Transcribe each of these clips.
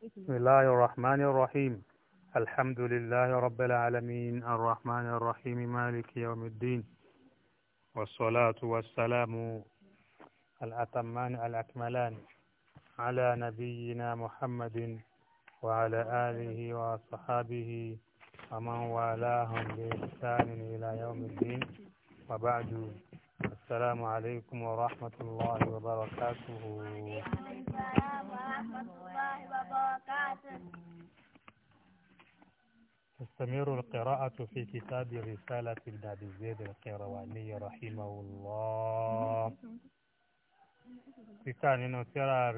بسم الله الرحمن الرحيم الحمد لله رب العالمين الرحمن الرحيم مالك يوم الدين والصلاة والسلام الأتمان الأكملان على نبينا محمد وعلى آله وصحابه ومن والاهم بإحسان إلى يوم الدين وبعد السلام عليكم ورحمة الله وبركاته تستمر القراءة في كتاب رسالة الباب الزيد القيرواني رحمه الله كان إنه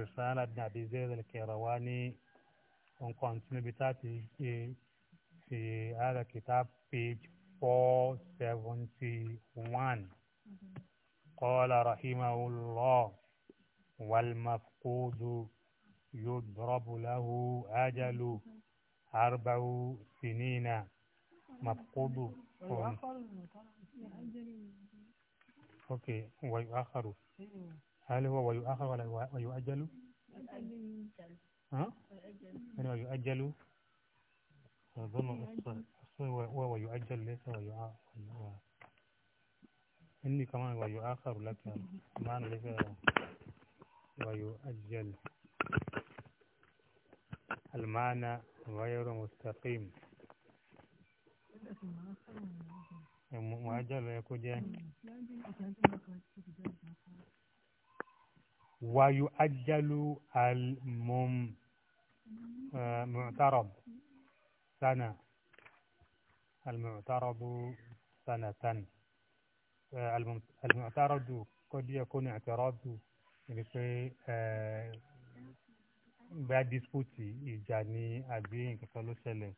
رسالة الباب الزيد القيرواني ونكونتين بتاتي في هذا الكتاب page 471 قال رحمه الله والمفقود يضرب له أجل أربع سنين مفقود أوكي ويؤخر هل هو ويؤخر ولا ويؤجل؟ ها؟ يعني ويؤجل أظن هو ويؤجل ليس ويؤخر إني كمان ويؤخر لك كمان لك ويؤجل المعنى غير مستقيم مؤجل جاي ويؤجل المم آه، معترض سنة المعترض سنة àlùmọ̀tàrọ̀dù kọ́dí ẹ̀kọ́ ní àtẹ̀rọ̀dù ni pé bá dísípùtì ìjà ní àbí nǹkan kan ló ṣẹlẹ̀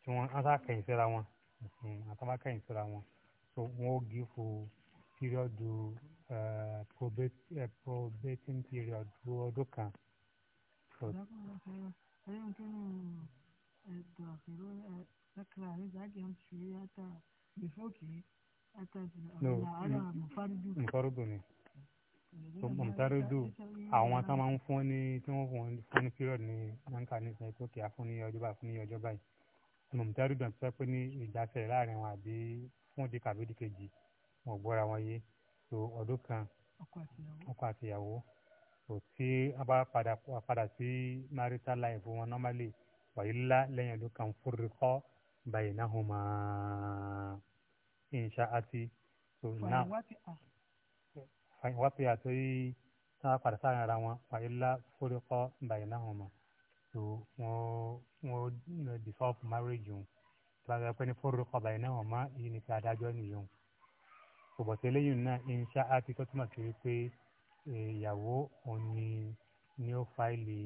tí wọ́n á sàkẹ́yìn síra wọn hmm, àtàkẹ́yìn síra wọn so wọ́n ó gífò píríọ̀dù probating period ọdún kan. ẹ̀dọ̀ àfẹ́rọ́ ẹ̀ẹ́dẹ́kẹ̀rẹ́ àrídájẹ́ ń ṣe yàtọ̀ bífọ́ kìí mùfárùdù ni mùfárùdù àwọn tá máa ń fún ní tí wọ́n fún ní period ní nanka ní sẹ́yìn tó kì á fún ní ọjọ́ báyìí fún ní ọjọ́ báyìí mùfárùdù àti sọ pé ní ìgbàsẹ̀ láàrin wọn àbí fún òde kàbí òde kejì wọn ò gbọ́ra wọn yé so ọdún kan ọkọ àtìyàwó kò tí a bá padà padà sí marital life wọn normally wàyí ńlá lẹ́yìn ọdún kan fúrikọ́ báyìí náà hùwà insha'ati so now fàyìnwá ti àti tí wọn padà sáárín ara wọn wà ilá fúrikọ báyìí náà wọn so wọn wọn dissolve marriage wọn tí wọn pẹ ní fúrikọ báyìí náà wọn yìí ni pé adájọ́ nìyẹn so bọ̀tẹ́ lẹ́yìn náà insha'ati tó túmọ̀ sí wípé eh, ìyàwó òun ni ni ó fáìlì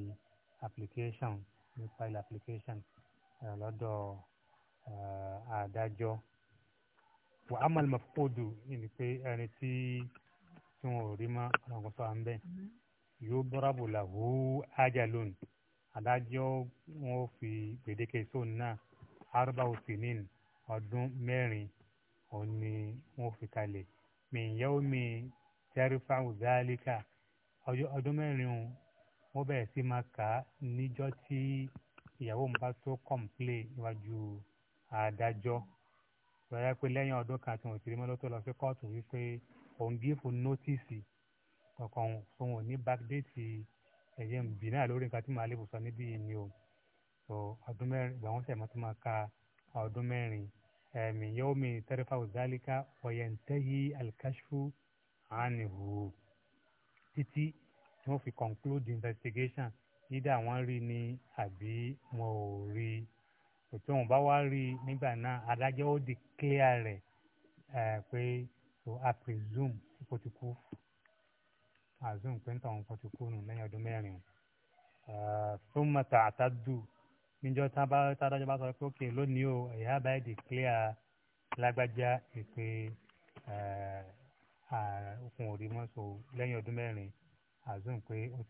application ní fáìlì application eh, lọ́dọ̀ eh, adájọ́. Uh, wà á mọ̀ lọ́mọ́fòdù ni pé ẹni tí tí wọn ò rí mọ́ ọ̀nàkùn sọ à ń bẹ̀ yóò dọ́rọ̀bù làwù ájà lónìí adájọ́ wọn ò fi gbèdéke sóun náà arúgbó òsínìn ọdún mẹ́rin òun ni wọn ò fi kalẹ̀ mi tẹ́rífà òzálíkà ọdún mẹ́rin òun wọ́n bẹ̀rẹ̀ sí máa kà á níjọ́ tí ìyàwó mi bá tó kọ̀ǹplé níwájú lọ́yà pé lẹ́yìn ọdún kan tí wọ́n ti rí mọ́ lọ́tọ́ lọ sí kóòtù wípé òun gífù nótìsì kankan fún òun ní bákdéètì ẹ̀yẹ mbì náà lórí nǹkan tí màálé bùsọ níbí yìí ni o so ọdún mẹ́rin ìgbà wọn sẹ̀mọ́ tó máa ka ọdún mẹ́rin ẹ̀mí yóò mi tẹ́rẹ́fà òzálíkà ọ̀yẹ̀ntẹ́hì alikashfu ànihu títí tí wọ́n fi conclude investigation either wọ́n rí ni àbí wọn ò rí i tí wọn bá wá rí i nígbà náà adájọ́ ó di clear rẹ̀ pé so a presume kó ti kú azum pé nítorí àwọn kan ti kú nù lẹ́yìn ọdún mẹ́rin fún mẹ́ta àtàdù níjọ́ tádájọ́ bá sọ pé ok lónìí o ẹ̀yà báyìí di clear lágbájá ìpè okùn òrí mọ́ so lẹ́yìn ọdún mẹ́rin azum pé ó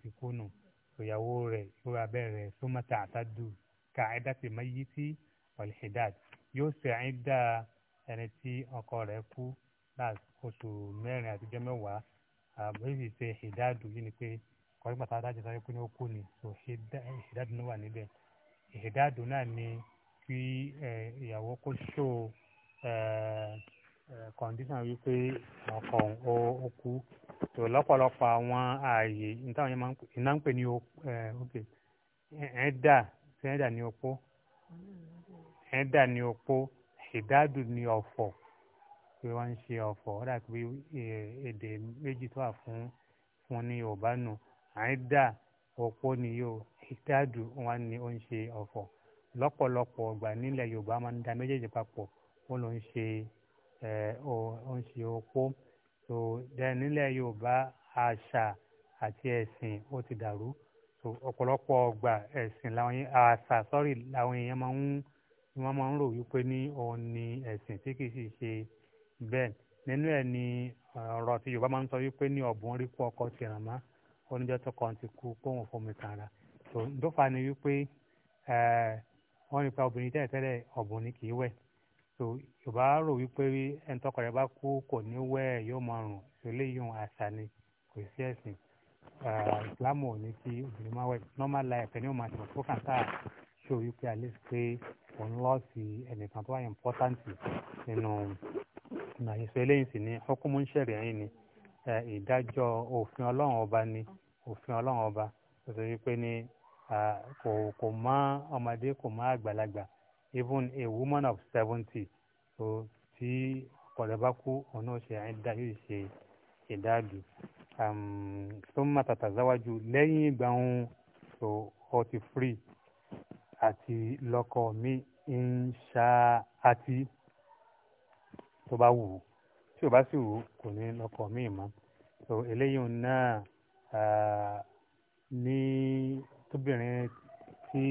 ti kú nù ìyàwó rẹ̀ ìfowópamẹ́ rẹ̀ fún mẹ́ta àtàdù kàìdàtì mayiti walhidad yóò ṣe àìdá ẹni tí ọkọ rẹ̀ kú láti oṣù mẹ́rin àtijọ́ mẹ́wàá àbẹ̀bí ṣe hidadu yìí ni pé kọ́rí pàtó adájọ́ sáré pé ní ó kú ni so hidadu náà wà níbẹ̀ hidadu náà ni kí ìyàwó kó ṣó kọ̀ǹdíṣàn wípé ọkọ ó kú tó lọ́pọ̀lọpọ̀ àwọn ààyè nítawọn yẹn máa ń pè ní ẹ̀ẹ́dà ẹ̀ẹ́dà ní opó ẹ̀ẹ́dà ní opó ìdádù ní ọ̀fọ̀ pé wọ́n ń ṣe ọ̀fọ̀ ó dàbí e, èdè méjì tó wà fún fún ní yorùbá nù àìdá opó ni yóò ìdádù wọn ni ó ń ṣe ọ̀fọ̀ lọ́pọ̀lọpọ̀ ọgbà nílẹ̀ yorùbá máa ń da méjèèjì papọ̀ ó ló ń ṣe ó ń ṣe opó tó dẹ nílẹ̀ yorùbá àṣà àti ẹ̀sìn ó ti dàrú so ọ̀pọ̀lọpọ̀ ọgbà ẹ̀sìn làwọn yẹn àṣà sọ́rí làwọn èèyàn máa ń wọ́n máa ń rò wípé ní òun ni ẹ̀sìn tí kì í sì ṣe bẹ́ẹ̀ nínú ẹ̀ ni ọ̀rọ̀ tí Yorùbá máa ń sọ wípé ní ọ̀bùn rí kú ọkọ ti ràn má oníjọ́ tó kàn ti kú póun fomi tààrà so dófà ni wípé wọ́n rí pa obìnrin tẹ́lẹ̀tẹ́lẹ̀ ọ̀bùn ni kì í wẹ̀ so Yorùbá rò wípé ẹni tọkọ rẹ̀ bá kú kò ní wẹ̀ yóò máa rùn eléyìí ìsìlámù ah, ò ní kí obìnrin máa wẹ̀ normal life ẹni ò máa ṣèwọ̀n tó kàn sáà ṣó wípé at least pé òun lọ sí ẹnìkan tó wà important nínú ìnáyé sọ eléyìí sì ni ọkùnmù ń ṣẹ̀rẹ̀ ẹ̀yìn ni eh, ìdájọ́ òfin ọlọ́run ọba ni òfin ọlọ́run ọba tó ṣe wípé ni ah, kò kò mọ ọmọdé kò mọ àgbàlagbà even a woman of seventy so tí ọ̀rẹ́ bá kú òun náà ṣe àìdá yóò ṣe ìdáàdù sọ́mà um, tàtàzáwájú lẹ́yìn ìgbà òun tó ọtí free àti lọ́kọ mi ń ṣá àti tó bá wù ú tí ò bá sì wù ú kò ní lọ́kọ mi mọ́ so eléyìí náà ní tóbìnrin tí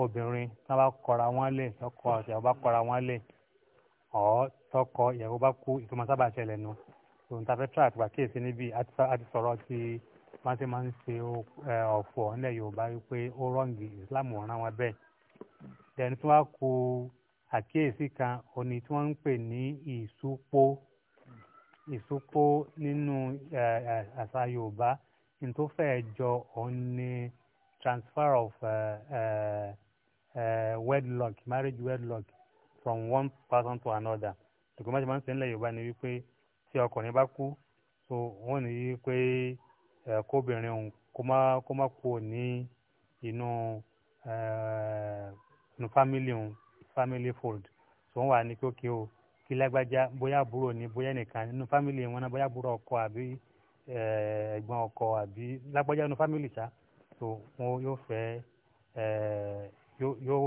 obìnrin tí wọ́n bá kọra wọn lẹ̀ tọkọ àti ìyàwó bá kọra wọn lẹ̀ ọ̀ tọkọ ìyàwó bá kú ìtumọ̀ sábà ṣẹlẹ̀ nu. No tòun tá a fẹ́ tra àtìgbà kíyèsí níbi àti sọ̀rọ̀ ti máa ti máa ń ṣe ọ̀fọ̀ nílẹ̀ yorùbá wípé ó rọ́ǹgì ìsìláàmù ọ̀ràn wọn bẹ́ẹ̀ dẹni tí wọ́n kó àkíyèsí kan òní tí wọ́n ń pè ní ìsúpó ìsúpó nínú àṣà yorùbá nítòfẹ́ jọ òun ni transfer of uh, uh, uh, wedlock marriage wedlock from one person to another ìgbìmọ̀ tí wọ́n ń ṣe nílẹ̀ yorùbá ni wípé tí ọkùnrin bá kú so wọ́n ní pé kóbìnrin òun kó má kó má kú ní inú inú fámìlì òun fámìlì fold so wọ́n wà ní pé òkè o kí lágbájá bóyá àbúrò ni bóyá nìkan inú fámìlì wọn náà bóyá àbúrò ọkọ àbí ẹ̀gbọ́n ọkọ àbí lágbájá inú fámìlì sa so wọn yóò fẹ́ yóò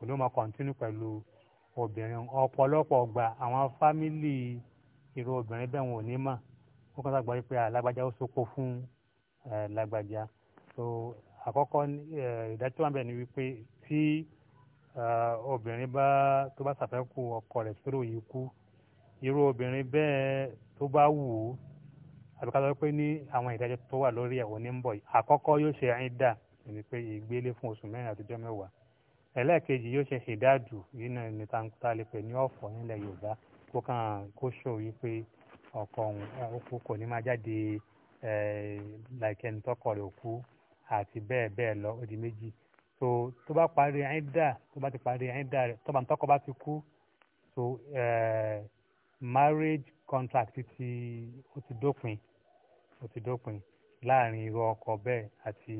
olóòmà kọ́ntínú pẹ̀lú obìnrin ọ̀pọ̀lọpọ̀ ọgbà àwọn family irú obìnrin bẹ́ẹ̀ wọn ò ní mà wọ́n kàn sàgbọ́ pé alágbájá ó sopọ̀ fún lágbájá so àkọ́kọ́ ìdájọ́ wọn bẹ̀ ni wípé tí obìnrin bá tó bá ṣàfẹ́kù ọkọ rẹ̀ sórò yìí kú irú obìnrin bẹ́ẹ̀ tó bá wù ú àbíká sọ pé ní àwọn ìdájọ́ tó wà lórí ẹ̀ òní ń bọ̀ àkọ́kọ́ yóò ṣe ẹyin dà ẹni pé ìgbélé fún oṣù mẹ́rin àtijọ́ mẹ́wàá ẹlẹ́ẹ̀kejì yóò ṣe ṣèdádù yìí náà ní táǹkútà lè pè ní ọ̀fọ̀ nílẹ̀ yorùbá kó kàn kó ṣò yí pé ọkọ òkú kò ní máa jáde like ẹni tọkọ rẹ̀ òkú àti bẹ́ẹ̀ bẹ́ẹ̀ lọ ó méjì so tó bá parí ẹ̀ńdà tó bá ti parí ẹ̀ńdà rẹ̀ tọ́ba tọkọ bá ti kú so marriage contract ti ó ti dópin ó ti dópin láàrin irú ọkọ bẹ́ẹ̀ àti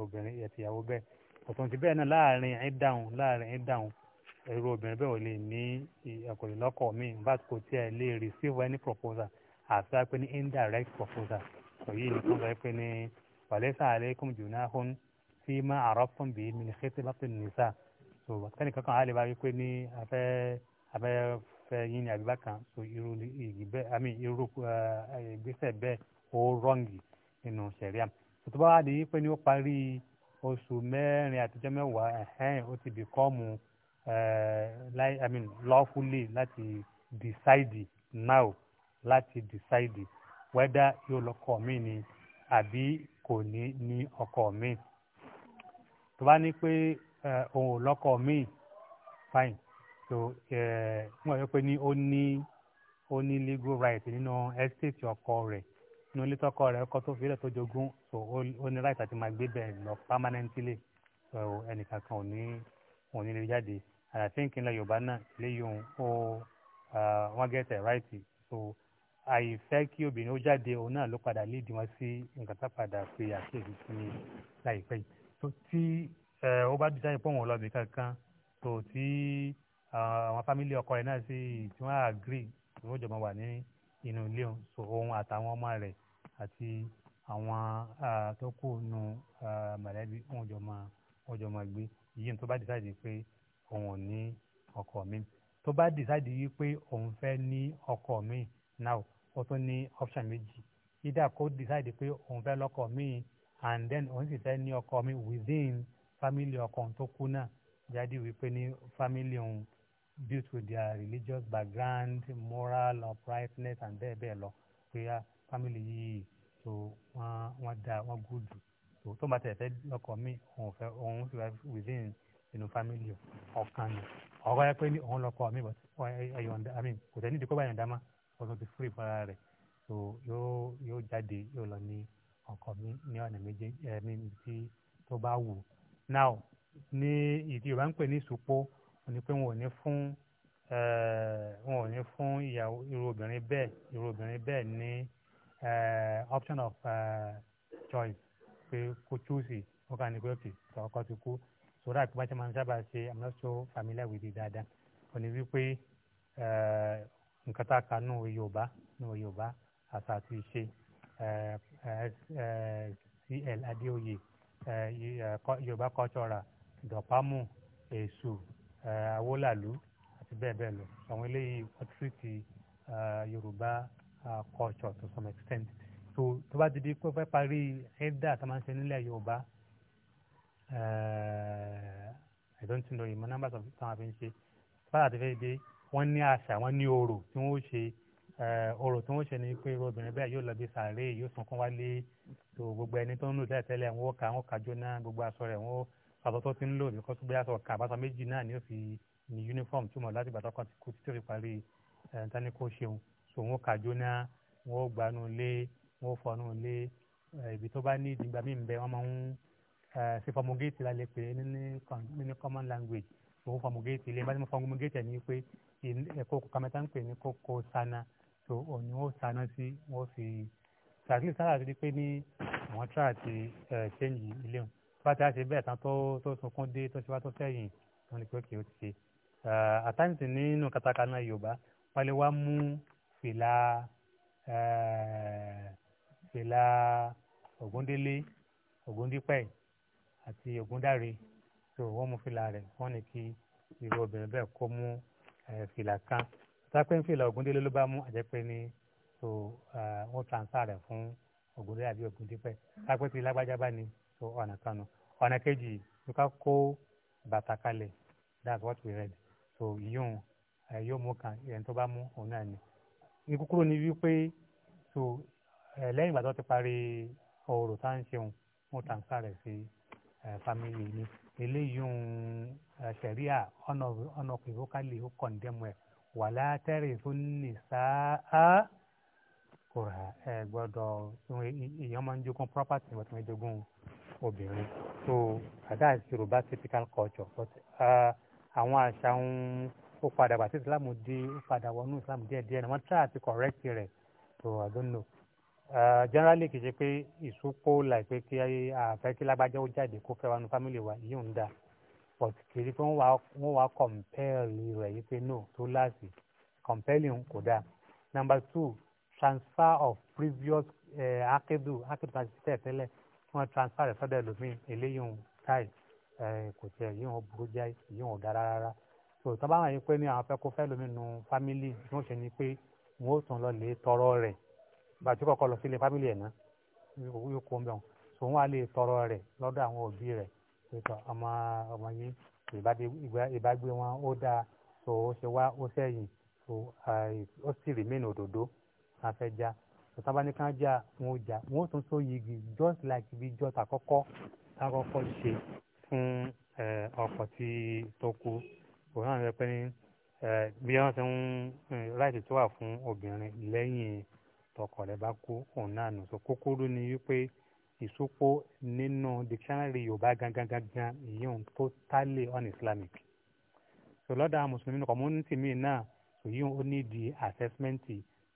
obìnrin àti ìyàwó bẹ́ẹ̀ ọ̀tún ti bẹ́ẹ̀ náà láàrin ẹ̀ńdà òun láàrin ẹ̀ńdà òun irú obìnrin bẹ́ẹ̀ ò lè ní ìkòlélọ́kọ̀ mi but kò tiẹ̀ lè receive any proposal àti wá pé ní indirect proposal òyí ni kò sọ pé ní wàlẹ́sà aleikum junahun tí máa àrọ́pọ̀n bíi mi ní kété láti nìsa so kẹ́ni kankan á lè bá wípé ní afẹ́ afẹ́ fẹ́ yín ní àbíbá kan so irú igi bẹ́ẹ̀ àmì irú eh, ìgbésẹ̀ bẹ́ẹ̀ ó rọ́ǹgì nínú sẹ̀ríà tó bá wà ní pé ní ó parí oṣù mẹ́rin àtijọ́ mẹ́wàá ẹ̀hẹ́n ó ti bì kọ́ọ̀mù. Eh, láì i mean lawfully láti decide now láti decide whether yóò lọ́kọ mi ni àbí kò ní ní ọkọ mi tó bá ní pé eh, òun ò lọ́kọ mi fine so wọ́n eh, yọ pé ní ó ní ó ní legal right nínú estate ọkọ rẹ̀ nínú ilé tọkọ rẹ̀ ọkọ tó fi lẹ̀ tó jogún so ó ní right àti máa gbé bẹ́ẹ̀ lọ permanently so ẹnìkan kan ò ní ò ní lè jáde and I think in la yobana léyìn ó wọ́n get it right so àìfẹ́ kí obìnrin ó jáde òun náà ló padà léèdì wọn sí nǹkan tá padà pé àkíyèsí sí ní láìpẹ́ yìí so tí ó bá jáde pọ̀ wọn lọ́bì kankan so tí àwọn fámìlì ọkọ rẹ̀ náà sì tí wọ́n agree tí wọ́n jọmọ wà ní inú ilé òun so òun àtàwọn ọmọ rẹ̀ àti àwọn tó kù nù mọ̀lẹ́bí òun jọmọ gbé yìí tó bá jáde pé òun ò ní ọkọ mi tó bá dìsáìdì yìí pé òun fẹ́ ní ọkọ mi now ó tún ní option méjì either kó decide pé òun fẹ́ lọ́kọ mi and then òun sì fẹ́ ní ọkọ mi within family ọkọ tó kú náà jáde wípé ní family òun built with their religious background moral uprightness and bẹ́ẹ̀ bẹ́ẹ̀ lọ pé family yìí so wọ́n wọ́n da wọ́n gùdù so tó bá tẹ̀ fẹ́ lọ́kọ mi òun fẹ́ òun sì fẹ́ within nínú fámìlì ọ̀kan ni ọ̀rọ̀ yẹ pé ní òun lọ́kọ mi ọ̀yọ̀ǹda mi kò tẹ́ nídìí kó bá yọ̀ǹda má ọ̀sọ̀ ti fúri fúnra rẹ̀ so yóò yóò jáde yóò lọ ní ọkọ mi ní ọ̀nà méje ẹ̀ mi tí tó bá wù now ní ìdí Yorùbá ń pè ní ìsopó wọn ni pé wọn ò ní fún wọn ò ní fún ìyàwó irú obìnrin bẹ́ẹ̀ irú obìnrin bẹ́ẹ̀ ní option of uh, choice pé kó chúùsì wọn kà ní pé òkè ọkọ ti kú sọ̀rọ̀ àti bàtà máa ń sábà ṣe i'm not so familiar with it dáadáa wọ́n ní wípé eh, nǹkan tá a kà nù yorùbá nù yorùbá àṣà àti ìṣe eh, eh, cl adéoyè yorùbá cultural dọ̀pámù èṣù awólàlú àti bẹ́ẹ̀ bẹ́ẹ̀ lọ àwọn eléyìí wọ́n tírìtì yorùbá culture to some extent so tó bá ti di pé fẹ́ parí ẹ̀dá tá a máa ń ṣe nílẹ̀ yorùbá. Eh, I don't know ìmọ̀ nọ́mbà táwọn fi ń ṣe fáwọn àti fẹ́ dé wọ́n ní àṣà wọ́n ní orò tí wọ́n ṣe eh, orò tí wọ́n ṣe ni pé irú obìnrin bẹ́ẹ̀ yóò lọ bí sàárè yóò sunkún wálé tó gbogbo ẹni tó ń lò tẹ́lẹ̀tẹ́lẹ̀ wọn ó kà wọn kà jóná gbogbo aṣọ rẹ̀ wọn ó aṣọ tó ti ń lò nípa gbé aṣọ kà àbáṣọ méjì náà ni ó fi ní uniform túmọ̀ láti gbàtọ́ kan ti kú títí rí parí ẹ̀ńtání eh, kó ṣeun so wọn ó kà jóná wọn ó gbanú lé wọn ó fọnú lé ibi tó bá ní ìdìgbà míì ń bẹ wọn máa ń ṣe eh, fọmọgéètì la lè pè ni ni common language òun fọmọgéètì ilé ìbáraẹni fọmọgéètì ẹ̀ ní pé kókó kàmẹ́tà ń pè ní kókó sana tó òní ó sana si wọ́n fi sàkíyèsí sára àti pé ní àwọn tíra àti ṣẹ́ǹjì ilé wọn bàtà àti bẹ́ẹ̀ tán tó sunkún dé tó ṣe wá tó sẹ́yìn wọn ni pé kì í ti ṣe àtàǹtì eh, nínú katakana yorùbá wọn wá mú fìlà eh, fìlà ògúndélé ògúndípẹ̀ àti ògúndáre tó wọ́n mú fìlà rẹ̀ wọ́n ní kí irú obìnrin bẹ́ẹ̀ kó mú fìlà kan sápẹ́ ń fìlà ògúndélé ló bá mú àjẹpẹ́ ni tó wọ́n transfer rẹ̀ fún ògúndélé àbí ògúndípẹ́ sápẹ́ ti lágbájá bá ní tó ọ̀nà kanu ọ̀nà kejì ló ká kó bàtà kalẹ̀ that's what we read so yíyún yóò mú kan ẹni tó bá mú òun náà ni ní ni wípé so lẹ́yìn ìgbà tó ti parí ọ̀rọ̀ tá à ń ṣeun wọ́n transfer rẹ̀ sí. Eh, family ni eléyìí ń eh, ṣẹ̀ríà ọ̀nà ìwókàlì ó kọ̀ǹdẹ́mù ẹ̀ wàlá tẹ́rì tó ní sáà kòrà ẹ gbọ́dọ̀ èèyàn máa ń jogún property wọ́n ti máa jogún obìnrin so àdá yorùbá typical culture but ah, àwọn àṣà ń ó padà bàtí islam di ó padà wọnú islam díẹ̀díẹ̀ ni wọ́n try àti correct rẹ̀ so i don't know generally kì í ṣe pé ìsopọ̀ láìpẹ́ kí àfẹ́ kí lágbájá ó jáde kó fẹ́ wa nu family wa yìí ń dà but kì í ṣe pé wọ́n wá compel rẹ̀ yìí pé no tó láàsì compelling kò dáa number two transfer of previous uh, akédu akédu ta ti tẹ̀ tẹ́lẹ̀ kí wọ́n transfer rẹ̀ sọ́dọ̀ ẹlòmíì eléyìí ń táì kò tiẹ̀ yìí ń burú jẹ́ yìí ń dára rárá so tọ́ bá wọn yìí pé ní àwọn fẹ́ kó fẹ́ lómi nu family bí wọ́n pé wọ́n ó tún lọ lè tọrọ rẹ̀ bàtí kọ́kọ́ lọ sílé fámìlì ẹ̀ náà yóò kó mbẹ́ wọn sòun wà lè tọrọ rẹ̀ lọ́dọ̀ àwọn òbí rẹ̀ pẹ̀tọ́ ọmọ ọmọ yìí ìbágbé wọn ó dáa tó o ṣe wá ó sẹ́yìn tó ó sì remain òdòdó kan fẹ́ já tòtá bá ní kán já wọn ó já wọn ó tún so yigi just like bí jọta kọ́kọ́ táwọn kọ́kọ́ ṣe fún ọkọ̀ tí tó kú òun náà rẹ pé ní bí wọ́n ti ń ráìtì tó wà fún obìnrin lẹ́yìn tọkọ rẹ̀ bá kú òun náà nù so kúkúrú ni wípé ìsopọ̀ nínú dictionary yorùbá gangan ìyẹn totally un-islamic so lọ́dọ̀ àwọn mùsùlùmí ní community mi náà so yíyún ní di assessment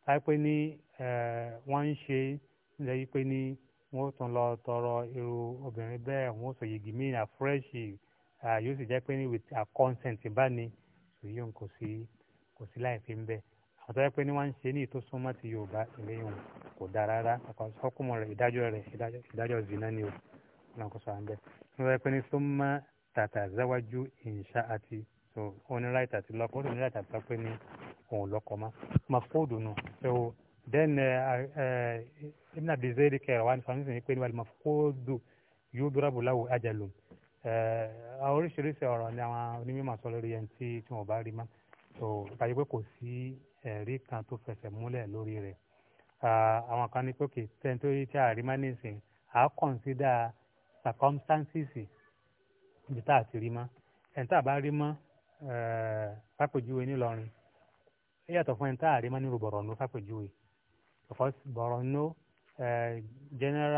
táìpé ní wọ́n ń ṣe níjẹ́ wípé ní wọ́n tún lọ tọrọ irú obìnrin bẹ́ẹ̀ wọ́n sọ yìgì mí na fresh eh, yóò sì jẹ́ pé ní with her consent bá ní so kò sí kò sí láì fi ń bẹ́ẹ̀ àtọ́jọ́ pé ní wọ́n ń ṣe ní ìtòsúnmọ́ ti yorùbá eléyìí wọn kò dáa rárá ọkùnmọ̀ rẹ̀ ìdájọ́ rẹ̀ ìdájọ́ zina ni o náà kò sọ à ń bẹ̀. àtọ́jọ́ pé ní súnmọ́ tàtà záwájú ìṣá àti so oníráìtà ti lọ́kọ́ ó oníráìtà ti lọ́pẹ́ ní òun lọ́kọ́ mọ́. mafóòdù nù so then uh, uh, ibn abdulzayed kẹrọ wa ní sọ nísìnyí pé ní wàlú mafóòdù yóò dúró bùláwò ajalu uh, oríṣiríṣi ọ̀rọ̀ ni àwọn onímọ̀ sọ lórí ẹni tí wọ́n bá rí mọ́ so kàyé pé kò sí ẹ̀rí kan tó fẹsẹ̀ múlẹ̀ lórí rẹ̀ àwọn kan ní pé tẹ́ńtórí tí a rí má nísìn à á kọ̀nsídà circumstances ibi tá a ti rí mọ́ ẹ̀ ń tá a bá rí mọ́ fàpèjúwe ńìlọrin ẹ yàtọ̀ fún ẹ̀ ń tá a rí mọ́ nírú bọ̀rọ̀nù fàpèjúwe bọ̀rọ̀nù general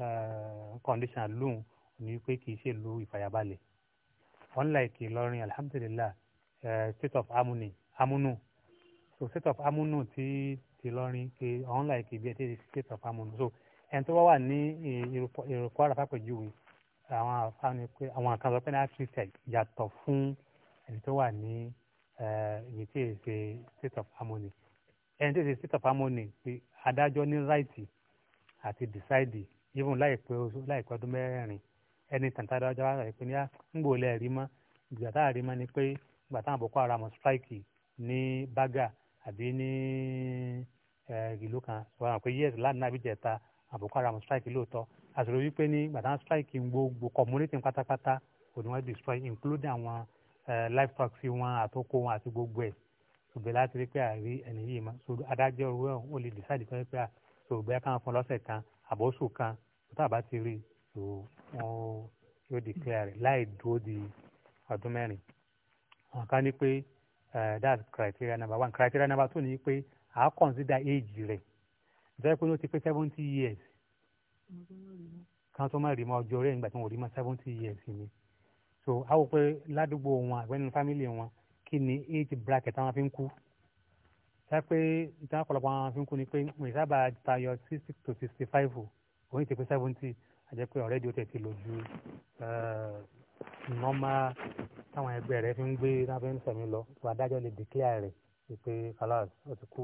uh, condition lóhùn ni pé kì í ṣe lu ìfàyàbalẹ̀ unlike ìlọrin alhamdulilah uh, state of harmony amunu so state of amunu ti ti lọrin ke unlike ibi ẹtí state of amunu so ẹni tó wá wà ní ìrọ̀kọ́ ara fàpèjúwe àwọn àfáàní pé àwọn kan sọ pé ní àtúntẹ̀ yàtọ̀ fún ẹni tó wà ní ibi tí è ṣe state of amunu ẹni tí è ṣe state of amunu pé adájọ́ ní right àti decide even láìpẹ́ oṣù láìpẹ́ ọdún mẹ́rin ẹni tàǹtàdájọ́ wà láìpẹ́ ní à ah, ń gbòòlẹ̀ rí mọ́ ìgbà táà rí mọ́ ni pé ìgbà táwọn boko haram strike ní baga àbí ní ìlú kan sọ̀rọ̀ àwọn pé yes lánàá àbí jẹ̀ta àbùkù ara àwọn strike lóòótọ́ àṣírí wípé ní gbàdá strike gbogbo community pátápátá òní wọn destroy including àwọn livestock sí wọn àtòkò wọn àti gbogbo ẹ̀ ṣùgbọ́n láti rí pé àrí ẹni yìí mọ́ so adájọ́ ìwé ọ̀hún ó lè decide pé pé so bẹ́ẹ̀ káwọn fún lọ́sẹ̀ kan àbọ̀ṣù kan tó àbá ti rí so wọn yóò declare láì dúró di ọdún mẹ́rin àwọn kan ní pé. Eh, that's criteria number one criteria number two ni pé a consider age rẹ̀ nítorí pé ní o ti pé seventy years kan tó má rí mọ ọjọ́ rẹ̀ nígbà tí wọ́n rí mọ seventy years ni so a wò pé ládùúgbò wọn àgbẹ̀ nínú family wọn kí ni age bracket àwọn fi ń kú sá pé ìtàn ọ̀pọ̀lọpọ̀ àwọn fi ń kú ni pé wọ́n sábà tayọ sixty to sixty five o òun ti pé seventy àjẹpẹ́ ọ̀rẹ́dì ó tẹ̀ ti lò eh, nọ́mà táwọn ẹgbẹ́ rẹ̀ fi ń gbé lábẹ́ ń sẹ̀mí lọ tó adájọ́ lè declare rẹ̀ wípé kálás ó ti kú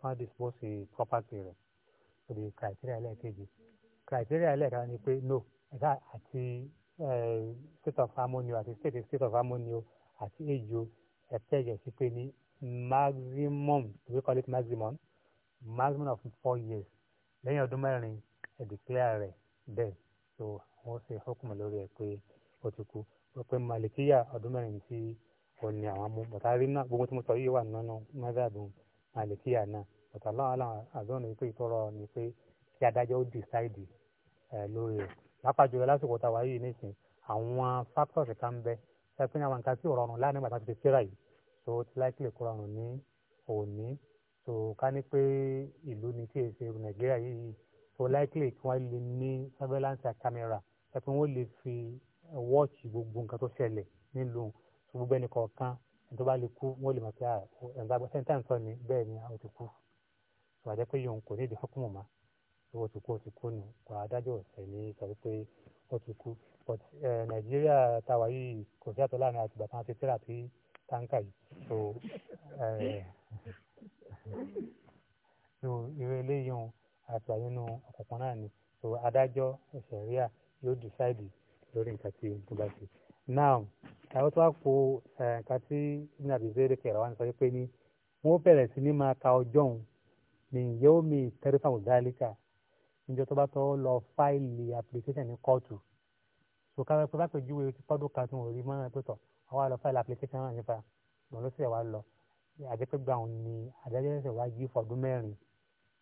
kán dispose property rẹ̀ so the criteria ẹlẹ́ẹ̀kejì criteria ẹlẹ́ẹ̀kejì ni pé no ẹ̀ka àti state of harmony àti state state of harmony àti èjò ẹ̀pẹ́jẹ̀ sí pé ní maximum we call it maximum maximum of four years lẹ́yìn ọdún mẹ́rin ẹ̀ declare rẹ̀ bẹ́ẹ̀ so wọ́n ṣe hukumu lórí ẹ̀ pé ó ti kú pé malikiya ọdún mẹ́rin tí wọ́n ní àwọn mú bàtà rí náà gbogbo tí mo sọ yìí wà nínú mẹ́tàbù malikiya náà bàtà láwọn aláwọn àdúrà ní pé ìtọ́rọ ni pé kí adájọ́ ó dìsáìdì ẹ̀ eh, lórí ẹ̀ lápàjọ lásìkò tá a wáyé nísìn àwọn fáktọ̀sì kan bẹ ẹ̀pin àwọn nǹkan tí ò rọrùn láàrin bàtà ti fi yìí so ó ti láìpẹ́ kó rọrùn ní òní so ká ní pé ìlú ni tí èsè nàìjíríà yìí so láìpẹ́ kí wọ́n lè ní surveillance camera tàbí wọ́n lè fi wọ́ọ̀tì gbogbo nǹkan tó ṣẹlẹ̀ nílùú gbogbo ẹnì kọ̀ọ̀kan ẹni tó bá lè kú wọ́n lè mọ̀ pé ẹ̀ǹgbà sẹ́ńtà ń sọ ni bẹ́ẹ̀ ni àwọn ti kú sọ àjẹ́ pé yòówù kò ní ìdí fún kùmọ̀ mọ́ owó ti kú ó ti kú ni kò adájọ́ ọ̀sẹ̀ ní sọ pé ó ti kú but nàìjíríà táwa yìí kò sí àtọ́ láàrin àtìgbà táwọn ti tẹ́lá sí táǹkà yìí so so ìrẹ́lẹ́yìn àtìgbà nínú ọ̀kọ̀ọ̀kan náà ni so adájọ́ ẹ̀ṣẹ̀ yóò decide lórí nǹkan tí tó bá ṣe. now àwọn tó wá po nǹkan tí ibùdó àbí zèrè kẹrẹ wọn sọ pé ní wọn bẹ̀rẹ̀ sí ní máa ka ọjọ́ òun ní yóò mi tẹ́rífà mùdálíkà níjọ́ tó bá tọ́ lọ fáìlì application ní kóòtù so ká pẹ́ bápẹ́ ju ewu tí pọ́dún kan tí wọ́n rí mọ́ra pé tọ̀ àwa lọ fáìlì application náà nípa ìgbọ̀n ló sì wá lọ àjẹpẹ́ gba òun ni àdájọ́ ẹ̀sẹ̀ wá yí fọdún mẹ́rin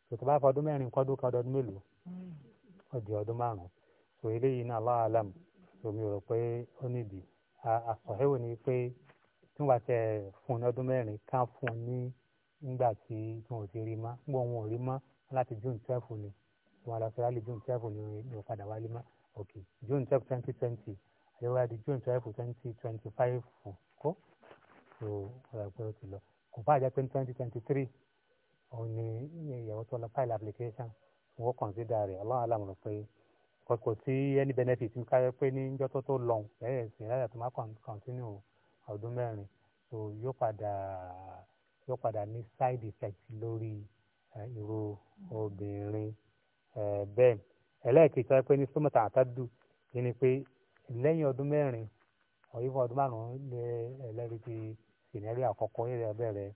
so tó bá fọdún mẹ́rin kọ́dún kan ọdún mélòó hmm. ọdún márùn-ún sọ eléyìí náà aláàlám omi rò pé ó nídìí àsọ̀hẹ́wò ni pé tí wọ́n bá tẹ fún un lọ́dún mẹ́rin ká fún un ní nígbà tí wọn ò ti rí mọ́ gbọ́ wọn ò rí mọ́ láti june twelve ni wọn lọ sọ́ra lè june twelve ni wọn padà wálé mọ́ ok june twelve twenty twenty àyẹ̀wò àti june twelve twenty twenty five kó so ọ̀rọ̀ pé ó ti lọ kò bá jẹ́ pé twenty twenty three òun ni ìyàwó tó lọ file application wọ́n consider rẹ̀ ọlọ́run àlàmọ̀ pé kò sí any benefit ní ká yẹ pé ní jọ́tọ́ tó lọ ẹ̀yẹ ìsìn láyà tó má continue ọdún mẹ́rin so yóò padà yóò padà ní side effect lórí irú obìnrin bẹ́ẹ̀ ẹlẹ́ẹ̀kejì wáyé pé ní stomata àtàdù kí ni pé lẹ́yìn ọdún mẹ́rin ọ̀yẹ́fọ́ ọdún márùn-ún lé ẹlẹ́rìí ti sìnẹ́rì àkọ́kọ́ yẹ̀rẹ̀ bẹ̀rẹ̀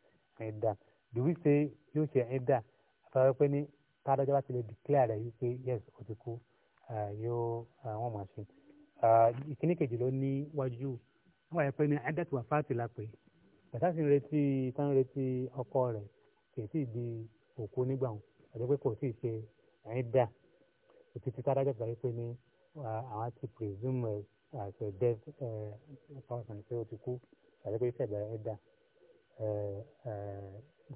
ẹ̀dá dùbí ṣe yóò ṣe ẹ̀dá àtàwọn pé ní tádájọ́ bá ti lè declare rẹ̀ yìí pé yes ó ti kú yóò wọ́n máa ṣe. ìkíní kejì ló ní wájú wọ́n yẹ pé ní adẹ́tù wà fáàtì la pè bàtà sì ń retí tá ń retí ọkọ rẹ̀ kì í sì di òkú nígbà wọn àti pé kò sì ṣe ẹ̀yìn dà títí tá adájọ́ sọ pé ní àwọn ti presume as a death person pé ó ti kú àti pé ìṣẹ̀lẹ̀ ẹ̀yìn dà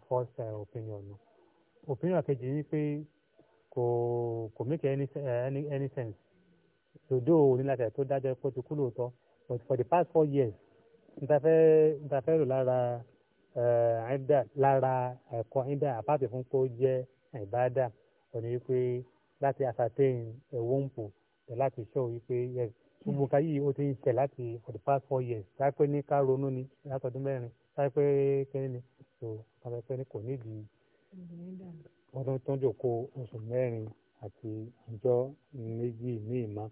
first opinion opinion kejì ni pé kò kò make any any any sense dodo onílàtẹ̀ tó dájọ́ pé ó ti kú lóòótọ́ but for the past four years ntafẹ́ ntafẹ́ lò lara, ẹ̀ẹ́dà eh, lára ẹ̀kọ́ ẹ̀dà àpáàtì fún kó jẹ́ ẹ̀bàdà ọ̀nà wípé láti ascertain ẹ̀wọ̀npò láti show wípé yes gbogbo nǹkan yìí ó ti ń ṣẹ̀ láti for the past four years sápẹ́ ní ká ronú ni látọ̀dún mẹ́rin sápẹ́ kẹ́ni ni so àpẹẹrẹ ní kò nídìí wọ́n tó tán jòkó oṣù mẹ́rin àti ọjọ́ méjì ní ìmọ̀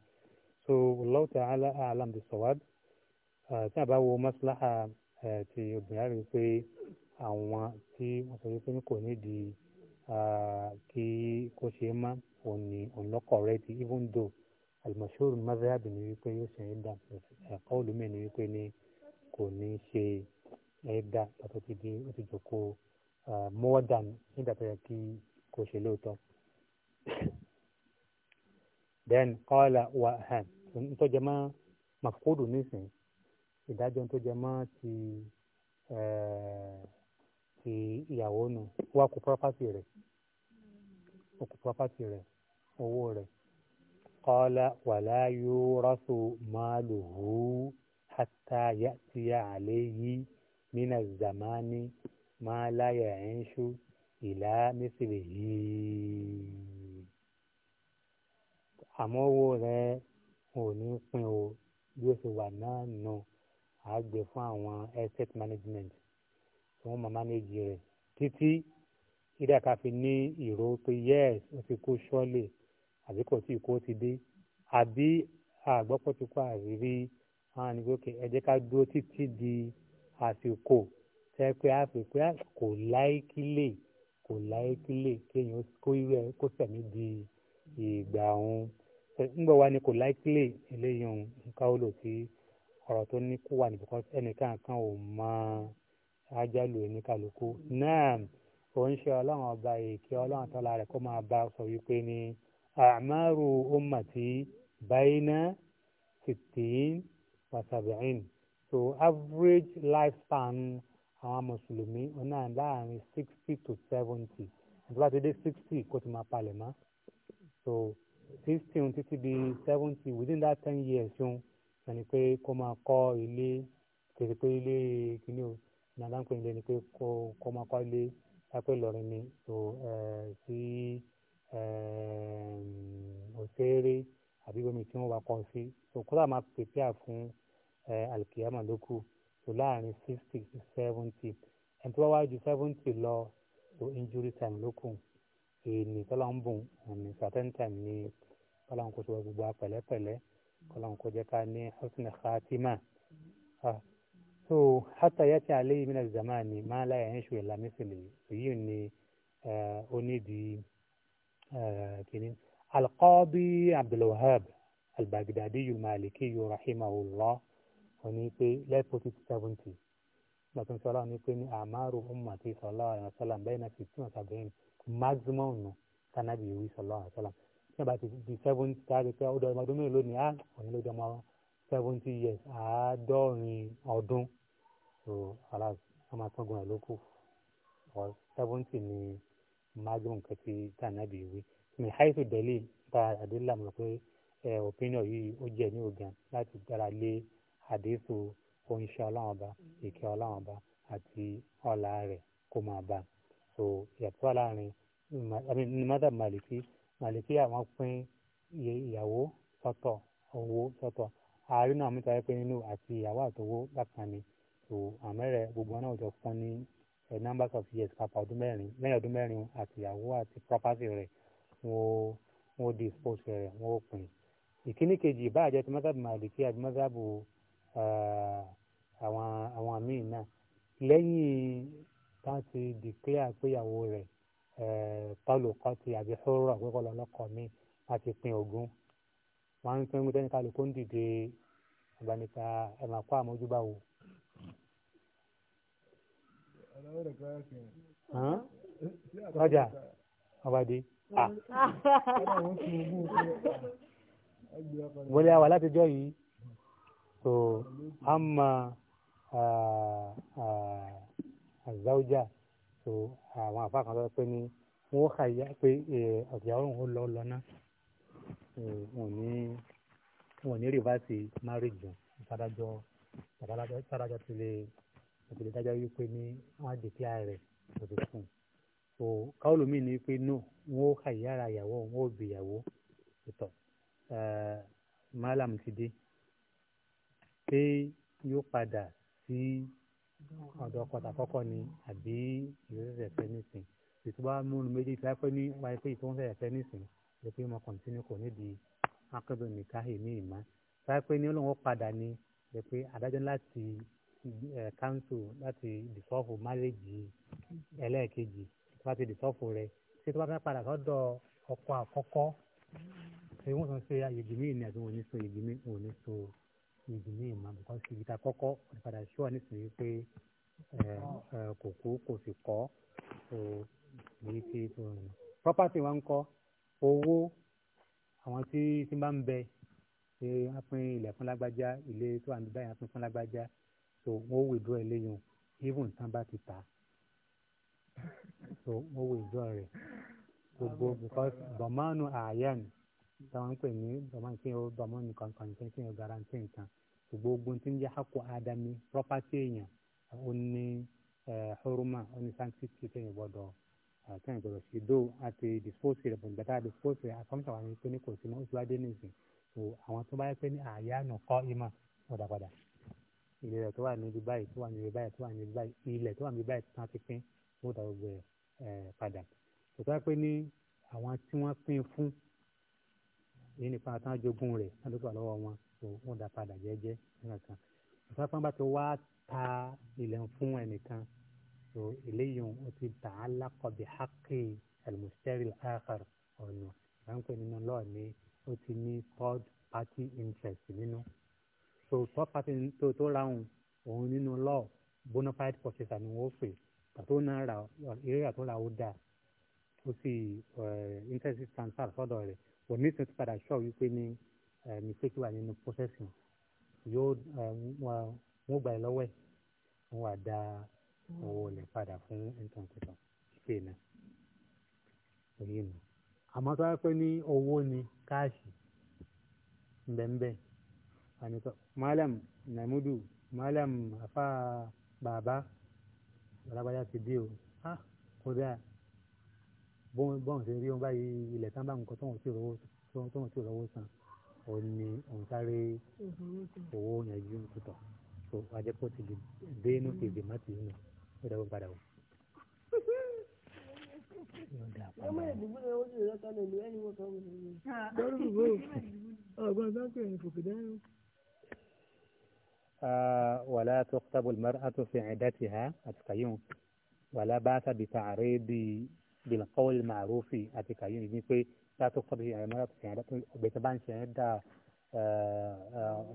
so wallahu ta'ala a'lam bis-sawab tí a bá wo maslaha ti obìnrin rí pé àwọn tí wọ́n sọ pé kò nídìí kí kò ṣe é má òun ni rẹ ti even though alimọ̀ṣọ́rù mazhab ni wípé yóò ṣe é dà ẹ̀kọ́ olùmẹ̀ ni wípé ni kò ní ṣe é dà pàtó ti di ó ti jòkó more than nígbà tó yẹ kí kò then kọ́lá wà hàn tó jẹ mọ́ makudu nísìnyí ìdájọ́ tó jẹ mọ́ ti eh, ti ìyàwó nu wà kú property rẹ̀ ó kú property rẹ̀ owó rẹ̀ kọ́lá wàlá yóò rọ́ṣù máàlù hù hàtà yàtìyà àléyìí mínà zamani máa láyà ẹ̀ ń ṣú ìlà mísìlì yìí àmọ́ owó rẹ ò ní pín o bí ó ṣe wà náà nù àgbè fún àwọn estate management tí wọ́n máa manage rẹ̀ títí ìdá ká fi ní ìró pé yes ó ti kó ṣọ́ọ̀lì àbí kò tí kó ti dé àbí àgbọ́pọ̀ ti kó àrírí àwọn àníkókè ẹ jẹ́ ká dúró títí di àsìkò tẹ́ pé àfi pé kò láìkí lè kò láìkílè kéèyàn kó irú ẹ kó sẹ̀mí di ìgbà òun ńgbọ̀ wá ni kò láìkílè eléyìí òun nǹkan ó lò sí ọ̀rọ̀ tó ní kó wà ní bíkọ́ ẹnìkan kan ò mọ ajálù oníkàlùkù náà òun ṣe ọlọ́run ọba èké ọlọ́run tọ́lá rẹ̀ kó máa bá sọ wípé ní àmárù ọmọtí báyìíná fifteen wa so average lifespan àwọn mùsùlùmí ọ̀nà láàrin sixty to seventy àti bá dé sixty kó ti máa palẹ̀ mọ́ so sixty títí di seventy within that ten years ṣun ẹni pé kó máa kọ́ ilé kìí pé ilé kìíní o nàdá ń pè ní ẹni pé kó máa kọ́ ilé lápẹ́ lọ́rin ni so sí òṣèré àbí omi tí wọ́n wá kọ́ sí so kó dà máa prepare fún alkiyama lókù so láàrin sixty to seventy ẹni tó bá wá ju seventy lọ so injury time ló kù èèní tọ́lá ń bùn àmì certain time ni kọ́lá ń kó sọ gbogbo apẹ̀lẹ́pẹ̀lẹ́ kọ́lá ń kó jẹ́ ká ní husn khatima so hata yati alayhi min azamani ma la yaishu illa mithli èyí ni ó níbi kìíní alqabi abdulwahab albagdadi yumaliki Allah. Oni pe lẹ́ẹ̀ forty to seventy gbàtún sọlá òní pé ní àmàrò ummati sọlá àrùn sọlá bẹ́ẹ̀ náà fifty one sàbẹ̀yìn maximum nù sanabi ìwé sọlá àrùn sọlá ní àbá ti di seventy tàbí pé ọdọ ọdún mélòó lónìí á òní ló dọmọ seventy years àádọ́rin ọdún so alas wọ́n máa tọ́gun ẹ̀ ló kù ọ seventy ni maximum kẹtì sanabi ìwé ní haifu delhi ta adélámù pé ẹ eh, opinion yìí ó jẹ ní ogan láti dára lé àdéhùn oníṣẹ́ ọlọ́run ọba ìkẹ́ ọlọ́run ọba àti ọ̀la rẹ̀ kó máa bá so ìyàtọ̀ láàrin mọ́tà màlìkí màlìkí àwọn pín ìyàwó sọ́tọ̀ owó sọ́tọ̀ ààrẹ náà mẹ́ta pé nínú àti ìyàwó àtọwó bákan ni so àmẹ́rẹ̀ gbogbo náà jọ fún ní eh, numbers of years papa ọdún mẹ́rin lẹ́yìn ọdún mẹ́rin àti ìyàwó àti property rẹ̀ wọ́n wọ́n dispose rẹ̀ wọ́n pín ìkíní kejì ìbáàjẹ́ ti mọ́tà màlìkí àti bò ó. Eh, àwọn àwọn míì náà lẹ́yìn tá a ti declare péyàwó rẹ̀ eh, tọ́lùkọ́ ti àbí fúrọ̀ pé kọ́lọ́ ọlọ́kọ̀ mi láti pin ogún wọ́n ń pín tẹ́ni kálukú ń dìde àbáníta ẹ̀ máa kó àmójúbà wò. Rọ́jà ọ̀bàdì. Wọlé àwà látijọ́ yìí so ama uh, uh, azawuja so àwọn àfa kan sọ pé ní wọn kà yá pé e, ọ̀gíyàwó òun lọ lọ́nà wọn ní wọn ní rìvásì márìjì ìfadájọ ìfadájọ ti lè ti lè dájọ wípé ní wọn á dèkí ààrẹ òde fún so káwọlù mí ni pé no wọn kà yára ìyàwó wọn ò bìyàwó ìtọ uh, málàm ti dé ṣé yóò padà sí ọ̀dọ̀ ọkọ tàkọ́kọ́ ni àbí yóò ṣẹ̀ṣẹ̀ fẹ́ nísìn ìtura múnú méjì tí wọ́n pẹ́ ní wáyé pé ìtura ṣẹ̀ṣẹ̀ fẹ́ nísìn ló pé mo kọ̀ǹtínú kò nídìí akédo nìkáhì ní ìmá tí wọ́n pẹ́ ní olóńgbò padà ni ló pé adájọ́ láti káńtù láti dìsọ́fù máréjì ẹlẹ́ẹ̀kejì tí wọ́n ti dìsọ́fù rẹ̀ ṣé tí wọ́n fẹ́ padà sọ́dọ̀ ọkọ àkọ́kọ́ ṣé wọ́n sọ ṣe àyègbè mí ìní àti wọn ò ní so àyègbè wọn ò ní so ìdílé ìmọ̀ bíkọ́ sí ibi tá a kọ́kọ́ padà ṣúwà nísìnyí pé kò kú kò sì kọ́ èyí tí tó ń lò. property wa ń kọ́ owó àwọn tí tí bá ń bẹ ṣe á pín ilẹ̀ fún lágbájá ilé tó wà níbẹ̀ yẹn á fún lágbájá so wọ́n withdraw eléyìí even tán bá ti tà so wọ́n withdraw rẹ̀ gbogbo because bọ̀mánu àyàn táwọn ń pè ní bàmán kí o bàmán nìkan kan nìkan kí o garanti nǹkan ṣùgbọ́n ogun tí ń jẹ́ hako adami property èèyàn ó ní huruma ó ní sanctity téèyàn gbọ́dọ̀ téèyàn gbọ́dọ̀ ṣe dó àti dispose rẹ̀ bọ̀ǹgbà tá a dispose rẹ̀ àfọmọ́sọ̀ wà ní pé ní kò sí mọ́ ó ti wá dé so àwọn tó bá yẹ pé ní àyà nù kọ́ ìmọ̀ padàpadà ilé rẹ̀ tó wà níbi báyìí tó wà níbi báyìí tó wà níbi báyìí ilẹ̀ tó wà níbi báyìí tán ti pín ó dà èyí nípa àtàn àjogún rẹ̀ náà ló gbà lọ́wọ́ wọn tó wọ́n dá padà jẹ́jẹ́ nìkan ìfapá bá ti wá ta ilẹ̀ fún ẹnìkan tó eléyìí ó ti tà á lákọ̀bí hákì ẹlmùsítẹ́rì àkàr ọ̀nà ìrànpẹ́ nínú lọ́ọ̀ ni ó ti ní third party interest nínú so third party tó tó ra òun òun nínú lọ́ọ̀ bona purchaser ni wọ́n fè pàtó náà ra eré àtúnra ó dà ó sì eh, interest transfer sọ́dọ̀ rẹ̀ kò ní sọ ti padà sọ wípé ní eh, mistake wà nínú processing yóò eh, wọn gbà lọ́wọ́ ẹ̀ wọn wà dá owó rẹ̀ padà fún nǹkan tuntun ṣe náà òye nù àmọ́ tó wá pé ní owó ni káàṣì ńbẹ́ńbẹ́ ànitọ́ malam namudu malam afa bàbá alábàyà ti dé o kódà. Ah, bọ́ọ̀n ṣe rí wọn báyìí ilẹ̀ tán bá nǹkan tóun ti rówó san ó ní òun sáré owó yanjú tutọ̀ tó adépọ̀ ti lè dé inú kejì má ti nù ó dẹ́gbẹ́ padà wò. ولا تخطب المرأة في عدتها أتقيون ولا بأس بتعريض bilkọ́wé màrúfì àti kàyé ní pé látó kọ́bí àyàmọ́ra tó sèyàn látó ọgbẹ́ tó bá ń sèyàn dá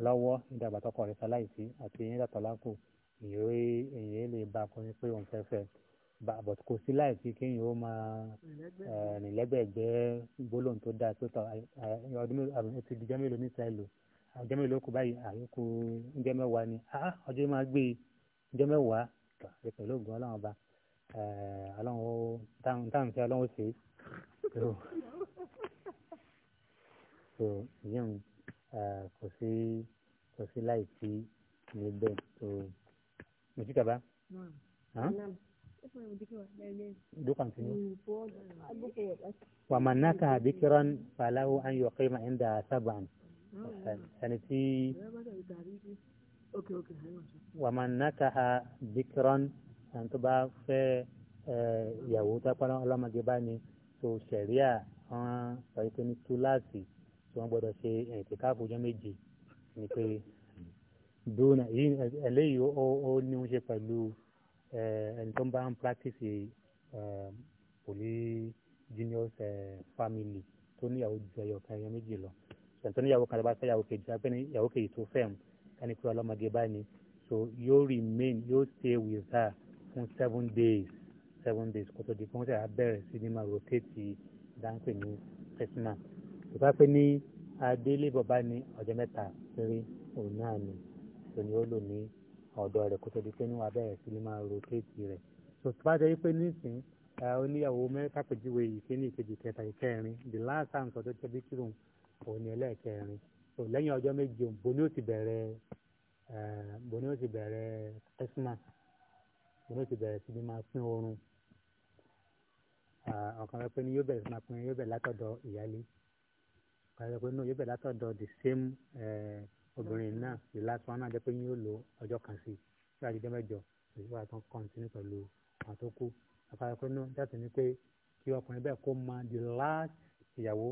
lọ́wọ́ ìdàgbà tọkọ rẹ̀ sáláìsí àti ìyẹn dàtọ̀ lákò ìyẹn lè ba akọni pé òun fẹ́ fẹ́ bàbọ̀t kò sí láìsí kéèyàn ó máa nílẹ́gbẹ̀gbẹ́ gbólóhùn tó dáa tó tọ̀ ọdún mélòó ti di jẹ́mẹ́lò ní sẹ́lò ah kò báyìí àyíkú jẹ́mẹ́wàá ni ọjọ́ máa gbé jẹ́mẹ́wàá pẹ̀lú ọlọ́run táwọn fẹ́ ọlọ́run ṣe so yíyan kò sí kò sí láì sí níbẹ̀ so mo ti kaba. wàmánàkà bikiran falahu an yuqima inda sab'an ẹni tí wàmánàkà bikiran ẹni tó bá fẹ́ ìyàwó tápá ọlọ́mọge bá ní so sẹ̀ríà wọ́n sọ pé ní túláàsì tí wọ́n gbọ́dọ̀ ṣe ẹ̀ǹtìkáàfù ọjọ́ méje ni pé dúnà yìí eléyìí ó ní ń ṣe pẹ̀lú ẹni tó ń bá ń practice polygynous family tó níyàwó ju ẹyọ kan ẹyọ méjì lọ ṣèǹtọ́ níyàwó kan bá fẹ́ yàwó kejì abẹ́ ní yàwó kejì tó fẹ́ mu ẹni pé ọlọ́mọge bá ní so yóò remain yóò stay with her fún seven days seven days kó tó di fún ṣẹ̀yà bẹ̀rẹ̀ sí ní máa rotate dáńpẹ̀ ní pẹ́sìmà tó bá pé ní adélé bàbá ní ọjọ́ mẹ́ta péré òun náà ni tòní ó lò ní ọ̀dọ̀ rẹ̀ kó tó di pé ní wàá bẹ̀rẹ̀ sí ní máa rotate rẹ̀ tó bá jẹ́ pé nísìnyí oníyàwó mẹ́ta pèjúwe ìkíní ìkejì kẹta ìkẹrin the last time sọdọ́ tẹ́ bí kírun òun ni ẹlẹ́ẹ̀kẹrin so lẹ́yìn ọjọ́ méje bóni ó ti bẹ̀rẹ̀ bóni ó ti bẹ̀rẹ̀ pẹ́sìmà ló ti bẹ̀rẹ̀ sí ni máa pín oorun ọ̀kan rẹ pé ni yóò bẹ̀rẹ̀ sí máa pín yóò bẹ̀rẹ̀ látọ̀dọ̀ ìyálé ọ̀kan rẹ pé no yóò bẹ̀rẹ̀ látọ̀dọ̀ the same obìnrin náà the last one náà jẹ́ pé yóò lo ọjọ́ kan sí tí wàá di jẹ́ mẹ́jọ èyí wàá tán continue pẹ̀lú àwọn tó kù ọ̀kan rẹ pé no jáde ni pé kí ọkùnrin bẹ́ẹ̀ kó máa the last ìyàwó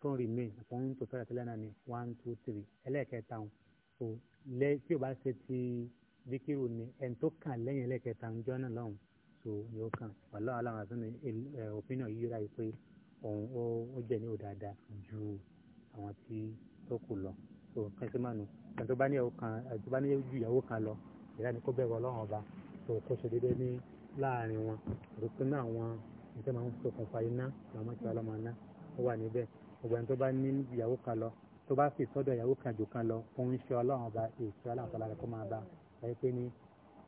tó ń remain àfọ̀n tó fẹ́rẹ̀ tẹ́lẹ̀ náà ni one two three ẹlẹ́ẹ̀kẹta so lẹ́ tí o bá ṣe ti díkìrù ni ẹni tó kàn lẹ́yìn ẹlẹ́kẹta ń jọ́nà lọ́hùn so ni ó kàn wàhálà aláwọ̀ àtúnú opinion yìí ráyè pé òun ó jẹ́ ní òdàdà ju àwọn tí tó kù lọ so kàn sí mànú ẹni tó bá ní ju ìyàwó kan lọ ìyá ni kó bẹ̀rù ọlọ́run ọba so kó ṣe déédéé ní láàrin wọn àdúgbò náà wọn níta máa ń ṣokùnfà iná màmá tí ọlọ́mọ iná ó wà níbẹ̀ gbogbo ẹni tó bá ní ìyàwó kan lọ tó bá fi sọ́dọ̀ ìyàwó àyẹ̀pẹ́ ni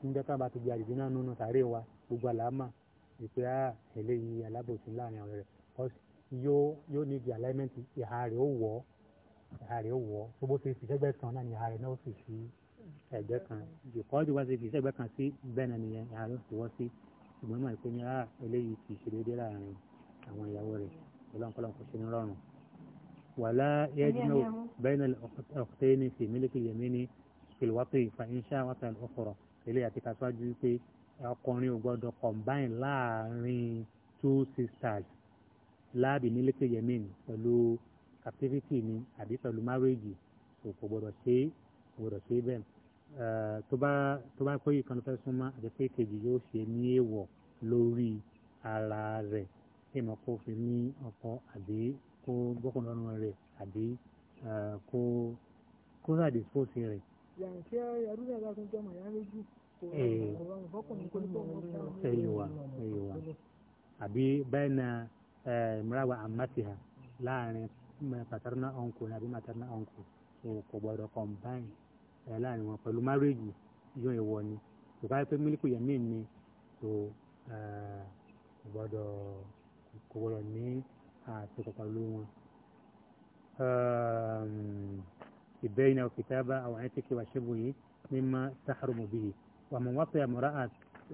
níjọ́ tábà ti di àdìsí náà nínú sàárè wa gbogbo àlámà ìpè á ah, eléyìí alábòsí láàrin àwọn rẹ̀ because yóò yóò ní di alignment ìhà rẹ̀ ó wọ̀ ìhà rẹ̀ ó wọ̀ tó bó ṣe fi sẹ́gbẹ́ kan náà ni ìhà rẹ̀ náà ó sì fi ẹ̀gbẹ́ kan because wá ṣe fi sẹ́gbẹ́ kan sí bẹ́ẹ̀ náà nìyẹn ìhà rẹ̀ ó wọ́ sí ṣùgbọ́n máa pè ní á ah, eléyìí kì ṣe déédéé láàrin àwọn ìyàwó rẹ̀ ọlọ́nkọ́lọ́n kò ṣe ní في الوطي فإن شاء أخرى eléyà ti ka síwájú pé ọkùnrin ò gbọdọ̀ combine láàrin two sisters láàbì nílékè yemen pẹ̀lú captivity ni àbí pẹ̀lú marriage kò kò gbọdọ̀ ṣe kò gbọdọ̀ ṣe bẹ́ẹ̀ tó bá tó bá pé ìkànnì fẹ́ súnmọ́ àti pé kejì yóò ṣe ní èèwọ̀ lórí ara rẹ̀ kí èèmọ̀ kó fi ní ọkọ àbí kó gbọ́kànlọ́rùn rẹ̀ àbí kó kó sàdéfòsì rẹ̀ yanke yaro da za su jama ya lójú kò rọrùn fọkùnrin kó tó wọn fún un. ẹyọwà ẹyọwà àbí bẹ́ẹ̀ na mìíràwá àmàtìhà láàrin paternal uncle àbí maternal uncle kò gbọdọ̀ combine láàrin wọn pẹ̀lú marriage yóò ìwọ ni kò bá yẹ pé mílíkù yẹn mí ni kò gbọdọ̀ kò gbọdọ̀ ní àtòkọ̀ pẹ̀lú wọn. الدين أو كتابة أو عتق وشبهه مما تحرم به ومن وطئ امرأة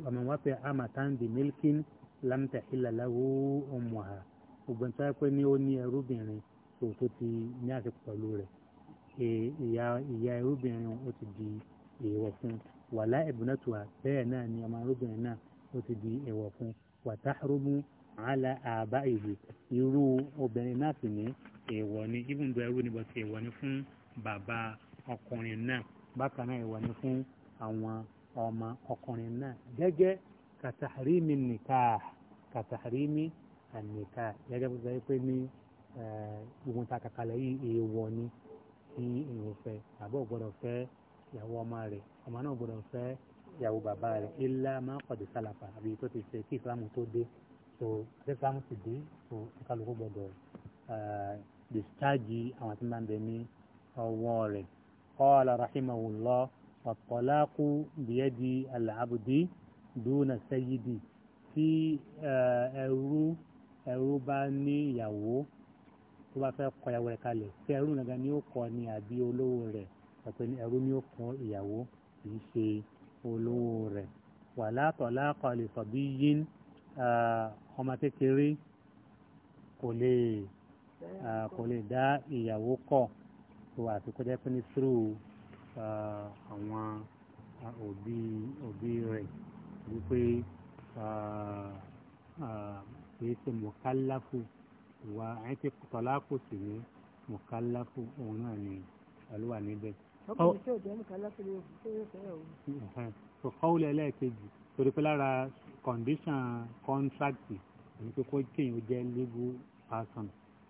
ومن وطئ أمة بملك لم تحل له أمها ògbọ́n tó yẹ pé ní ó ní ẹrúbìnrin tó tó ti ní àṣepọ̀ pẹ̀lú rẹ̀ ìyá ìyá ẹrúbìnrin ó ti di èèwọ̀ fún wàlá ìbùnàtùwà bẹ́ẹ̀ náà ni ọmọ ẹrúbìnrin náà ó ti di èèwọ̀ fún wàtáhùrùmù àlà àbá ìlú irú obìnrin náà sì ní èèwọ̀ ni ibùdó ẹrú ni bọ́sẹ̀ èèwọ̀ ni fún bàbá ọkùnrin náà bákan náà ìwà ni fún àwọn ọmọ ọkùnrin náà gẹ́gẹ́ kàtàrímì nìkáà kàtàrímì nìkáà gẹ́gẹ́ bó ṣe pé ní ìwọ̀n ta kàkàlẹ̀ yìí èèwọ̀ ni tí èèyàn fẹ́ bàbá ò gbọ́dọ̀ fẹ́ ìyàwó ọmọ rẹ̀ ọmọ náà ò gbọ́dọ̀ fẹ́ ìyàwó bàbá rẹ̀ ilá máa kọ̀dé sálàpà àbí tó ti ṣe kí ìsìlámù tó dé so ṣé ìsìlámù ti dé so ìkàlùkù gbọ́dọ̀ discharge àwọn tí wọ́n ń bẹ ní ọwọ́ rẹ̀ qala rahimahullah at-talaqu biyadi al-abdi duna sayyidi tí ẹrú ẹrú bá ní ìyàwó tó bá fẹ́ kọ ìyàwó rẹ̀ kalẹ̀ tí ẹrú nàgà ni ó kọ ni àbí olówó rẹ̀ ọ̀pẹ ni ẹrú ni ó kọ ìyàwó kì í ṣe olówó rẹ̀ wala talaqa li sabiyyin ọmọ kékeré kò lè kò lè dá ìyàwó kọ̀ so àti kọjá pé ní through uh, àwọn uh, òbí òbí rẹ̀ wípé kìí ṣe mọ̀káláfù ìwà àyìn tí tọ́láàkù sì ní mọ̀káláfù òun náà ni olúwa níbẹ̀. ọkùnrin tí ò jẹ́ mọ̀káláfù ló ń fẹ́ràn òun. kọ́wùlẹ̀ ẹlẹ́ẹ̀kejì torí pé lára condition contract ní pé kó kéèyàn jẹ́ legal person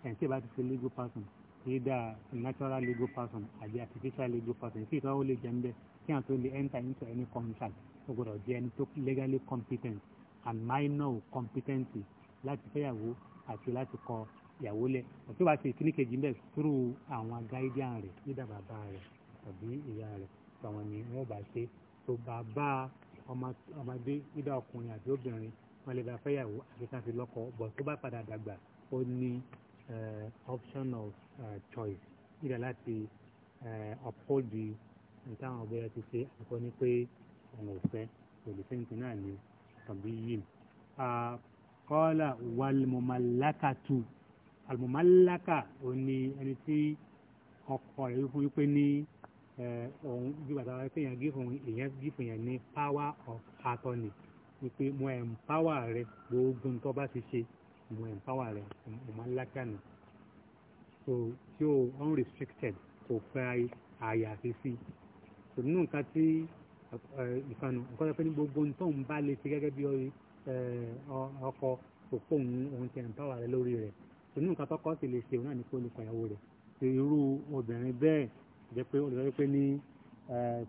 ẹ̀ tí ì bá ti ṣe legal person either natural legal person àbí artificial legal person sí ìtọ́wò lè jẹ́ ń kí àwọn lè enter into any contract ó gbọ́dọ̀ jẹ́ ẹni tó legally competent and minor competency láti fẹ́yàwó àti láti kọ ìyàwó lẹ̀ ọ̀tí wàá ṣe ìkíní kejì ń bẹ̀ túrú àwọn guardian rẹ̀ either bàbá rẹ̀ tàbí ìyá rẹ̀ tàwọn ni wọ́n bá ṣe tó bàbá ọmọdé either ọkùnrin àti obìnrin wọn lè bá fẹ́yàwó àti káfí lọ́kọ bọ̀ tó bá padà dàgbà ó ní uh, option of uh, choice nígbà láti uh, uphold the nǹkan àwọn ọ̀bẹ̀rẹ̀ ti ṣe àkọ́kọ́ ní pé ọ̀nà òfẹ́ kò lè fẹ́ǹtì náà ní tàbí yìí. kọ́lá wàlmọ̀málákàtù àlmọ̀málákà ò ní ẹni tí ọkọ rẹ̀ fún wípé ní uh, òun bí bàtà wáyé pé èèyàn gífò yẹn ní power of attorney wípé mo empower rẹ gbogbo nǹkan bá ti ṣe mo empower rẹ mo máa so tí o unrestricted kò fẹ́ ààyè àfẹ́sí so nínú nǹkan tí ìfanu nǹkan tó fẹ́ ní gbogbo nǹkan tó ń bá lè ṣe gẹ́gẹ́ bí ọkọ kò fóun òun ti empower rẹ lórí rẹ so nínú nǹkan tó kọ́ sì lè ṣe òun náà ní kó lè fàyàwó rẹ irú obìnrin bẹ́ẹ̀ jẹ́ pé olùdarí pé ní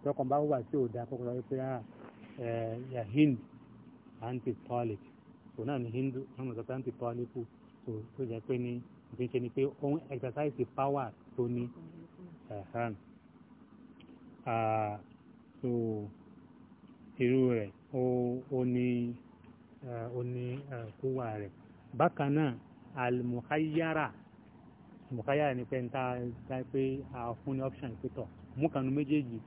tọkàn bá wà sí òdà kókò lọ́wọ́ pé ah yahin anti-tolic òun náà ní hindu wọn mọ̀ sọ́kàn ti pọ́lípù tó tó jẹ́ pé ní ìdí ṣe ni pé òun exercise power tó ní ẹ̀hán so irú rẹ̀ ó ní ó ní kúwà rẹ̀ bákan náà alimuhayara alimuhayara ni pé n ta ta pé a fún ní option pétọ̀ mú kanu méjèèjì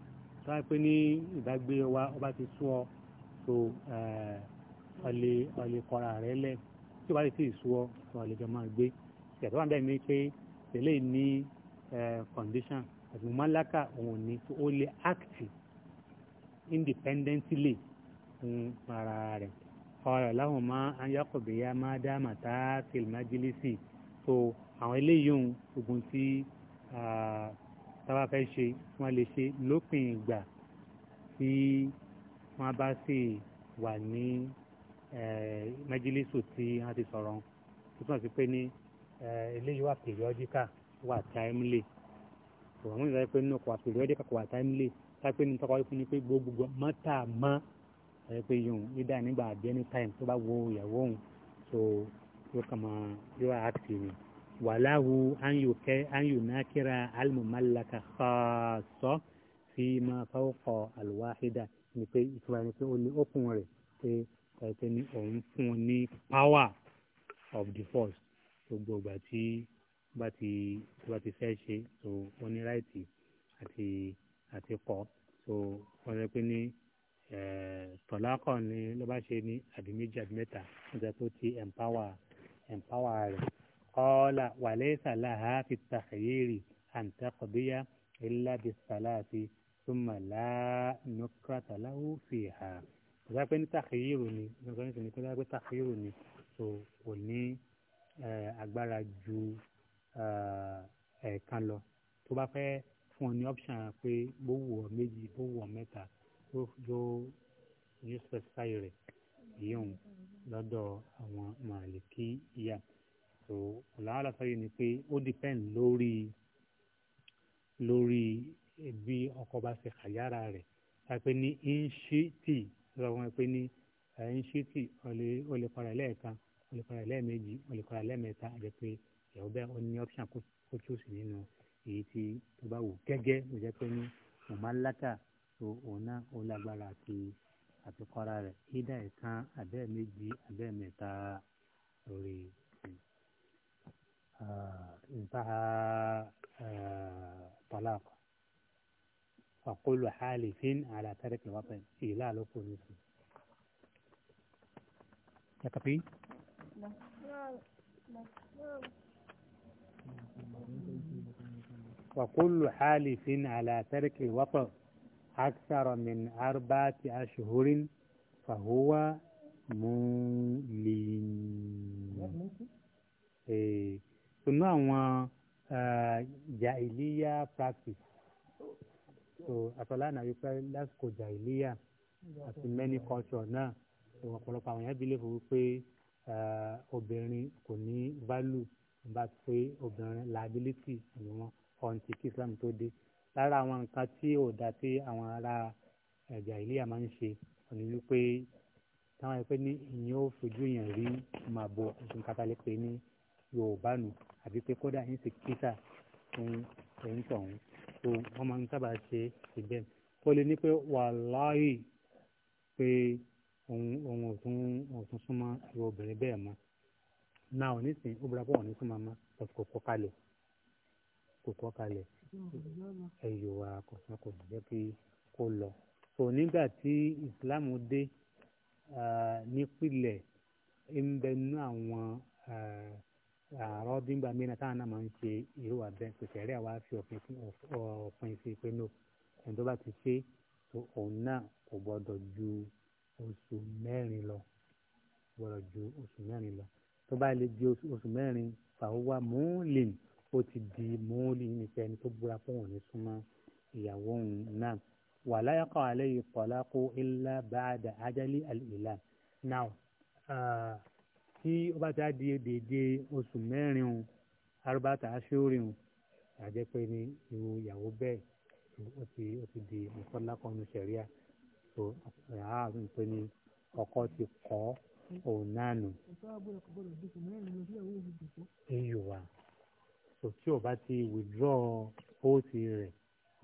tó wáyé pé ní ìdágbé wa ọba ti sú ọ so. Uh, ọ̀lẹ́ ọ̀lẹ́ kọ́ra rẹ̀ lẹ̀ tí o bá lè ti sú ọ tó ọ̀lẹ́ jọ máa gbé ìyàtọ̀ wà bẹ́ẹ̀ ni pé tẹ̀lé ní condition àti mọ́láka òun ni ó lè act independently fún ara rẹ̀ ọ̀rọ̀ láwọn máa ń yàkọ̀bẹ̀yà máa dá màtá tìlmájílísì tó àwọn eléyìí ohun ogun tí tábà fẹ́ ṣe wọ́n lè ṣe lópin ìgbà tí wọ́n bá sì wà ní mẹjìlísù tí wọ́n ti sọ̀rọ̀ tó túmọ̀ sí pé ní eléyìí wà pèríọ́díkà wà táìmìlì tòun àwọn ìdájọ́ pé nínú kò wà pèríọ́díkà kò wà táìmìlì táìpé ní tọ́kọ́ wípé ní pé gbogbo mọ́tà mọ́ ẹ pé yòun nígbà nígbà àbí ẹni táìmù tó bá wo ìyàwó òun so yóò kàn máa yóò wá àkìtì ni wàláhu anyunakira almumalaka sọ fi máa fọwọ́ fọ àlùwáhídà ni pé ìtura ni pé ó ní ókun rẹ̀ pé pé ní òun fún un ní power of the force gbogbo ìgbà tí bá ti bá ti fẹ́ ṣe so wọ́n ní ráìtì àti àti kọ́ so wọ́n sọ pé ní tọ̀lákọ̀ ni ló bá ṣe ní àbí méjì àbí mẹ́ta wọ́n sọ pé ti empower empower rẹ̀ kọ́ọ́là wàlẹ́sà láha fi tàkìyèrè àǹtàkọ̀bíyá illa bisalasi thumma la nukrata lahu fiha kò sá pé ní tàkìyírò ni lọ́sọ̀ ní sìn ní pé tàkìyírò ni so kò ní agbára ju ẹ̀ẹ̀kan lọ tó bá fẹ́ fún ọ ní option pé bó wù ọ méjì bó wù ọ mẹ́ta yóò yóò specify rẹ̀ yíyún lọ́dọ̀ àwọn màlìkí ìyá so làálà sọ́yìn ni pé ó depend lórí lórí bí ọkọ̀ bá ṣe kàyára rẹ̀ tàbí ní ìṣítì sọ wọn pé ní ẹ̀yìn ṣíìtì ó lè para lẹ́ẹ̀kan ó lè para lẹ́ẹ̀mejì ó lè para lẹ́ẹ̀mẹ́ta àti pé ìyàwó bẹ́ẹ̀ ó ní option kó choose nínú èyí tí tó bá wù gẹ́gẹ́ ó jẹ́ pé ní mọ̀málátà tó òun náà ó lágbára àti àtikọ́ra rẹ̀ ìdá ẹ̀kan àbẹ́ẹ̀mejì àbẹ́ẹ̀mẹ́ta lórí انتهى طلاق ah, فقل حالف على ترك الوطن إلى لكم يكفي؟ لا وكل حالف على ترك الوطن أكثر من أربعة أشهر فهو مولين إيه. ثم هو آه، جاهلية so àfọláàna wípé lásìkò jàìlíyà àti many culture náà ìwọ̀n ọ̀pọ̀lọpọ̀ àwọn èèyàn believe wípé obìnrin kò ní value nígbà pé obìnrin liability ni wọn ọ̀ǹtí kí islam tó dé lára àwọn nǹkan tí ò dá tí àwọn ará jàìlíyà máa ń ṣe òní wípé táwọn ẹgbẹ́ ní ìyẹn ò fojú yẹn rí màá bo nǹkan kátàlẹ́ pé ní yorùbá nù àbí pé kódà ń ṣe kíkà fún ẹ̀yìn tọ̀hún so wọ́n máa ń sábà ṣe ìgbẹ́ kó lè ní pé wàláhì pé òun òtún súnmọ́ ìwọ obìnrin bẹ́ẹ̀ mọ́ náà onísìn ó bọ́ra pọ̀ òní súnmọ́ mọ́ kò kọ́ kalẹ̀ kò kọ́ kalẹ̀ ẹ̀yọ̀ wa kò sọ kò jẹ́ kí kó lọ so nígbà tí ìsìláàmù dé ah, nípìnlẹ̀ ń bẹnu àwọn. Ah, àárọ̀ dìgbà mìíràn táwọn náà máa ń ṣe irú abẹ́ pèsè ẹ̀rí àwa fi òfin òfin sí pé no ẹni tó bá ti ṣe tó òun náà kò gbọ́dọ̀ ju oṣù mẹ́rin lọ gbọ́dọ̀ ju oṣù mẹ́rin lọ tó bá lè di oṣù mẹ́rin fàáwá mọ́ọ́lìn ó ti di mọ́ọ́lìn nípa ẹni tó búra pé òun ní súnmọ́ ìyàwó òun náà wà láyàkọ̀ àlẹ́ yìí pọ̀ lákó ilá bá a dà ájálí àlè ìlà now. Uh, tí ó bá ti á di dèdè oṣù mẹ́rin o arúbáta aṣọ́rin o àjẹ́ pé ní irú ìyàwó bẹ́ẹ̀ ó ti ó ti di mọ̀kànlákọ̀ọ́nù sẹ̀ríà tó àárín pé ní ọkọ ti kọ́ òun náà nù. eyò wa so tí ò bá ti withdraw owóòtì rẹ̀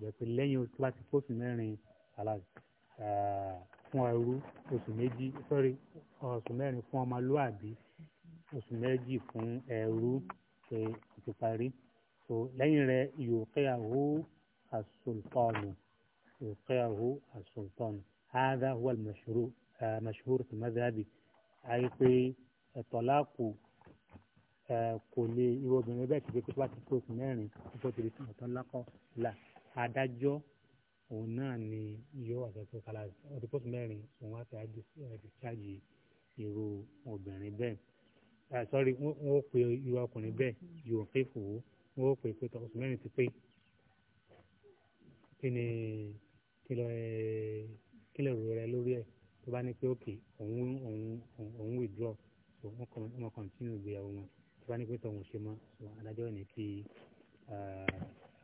jẹ́ pé lẹ́yìn tó bá ti pósù mẹ́rin eh, fún ẹrú oṣù méjì sọ́rí oṣù mẹ́rin fún ọmọlúwàbí oṣù méjì fún ẹrú ṣe ti parí so lẹ́yìn rẹ̀ yuqiyahu as-sultanu yuqiyahu as-sultanu hadha huwa al-mashhur eh, mashhur fi madhhabi àyè pé ẹ̀tọ́láàkù eh, eh, kò lè irú obìnrin bẹ́ẹ̀ ti di pé pàtó pé oṣù mẹ́rin tó ti di ẹ̀tọ́láàkọ́ là adájọ́ òun náà ni yóò àtẹ̀tẹ̀ kálá ọdún pọ́sù mẹ́rin òun á tẹ̀ á irú obìnrin bẹ́ẹ̀. Ah, sọ́rí wọ́n ó pe irú ọkùnrin bẹ́ẹ̀ yóò pé fò ó wọ́n ó pe pé oṣù mẹ́rin ti pé kí ni kí lè eh, rò rẹ lórí ẹ̀ tó bá ní pé òkè òun òun òun withdraw so wọ́n continue ìgbéyàwó wọn tó bá ní pé tọ̀hún ṣe mọ́ so adájọ́ ní kí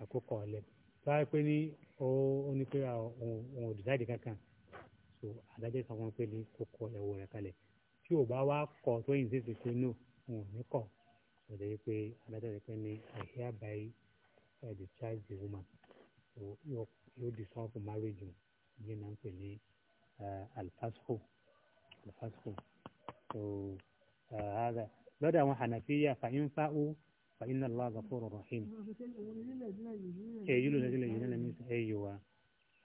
àkókò ọ̀lẹ́ tó bá pé ní ó ní pé òun ò kankan so adájọ́ sọ wọn pé ní kókó ẹ̀wọ̀ rẹ̀ kalẹ̀ tí ò bá wá kọ tó yìn sí pípé nù wọn ò ní kọ ọ̀dọ̀ yìí pé adájọ́ yìí pé ní i hereby uh, discharge the woman so yóò disown for marriage o yìí náà ń pè ní alfasco uh, alfasco so uh, lọ́dọ̀ àwọn hànàfíyà fàyín fáwọ́ fàyín náà lọ́wọ́ àgbàfọ́rọ̀ rahim èyí ló lọ́dọ̀ yìí náà ní sẹ́yìn wa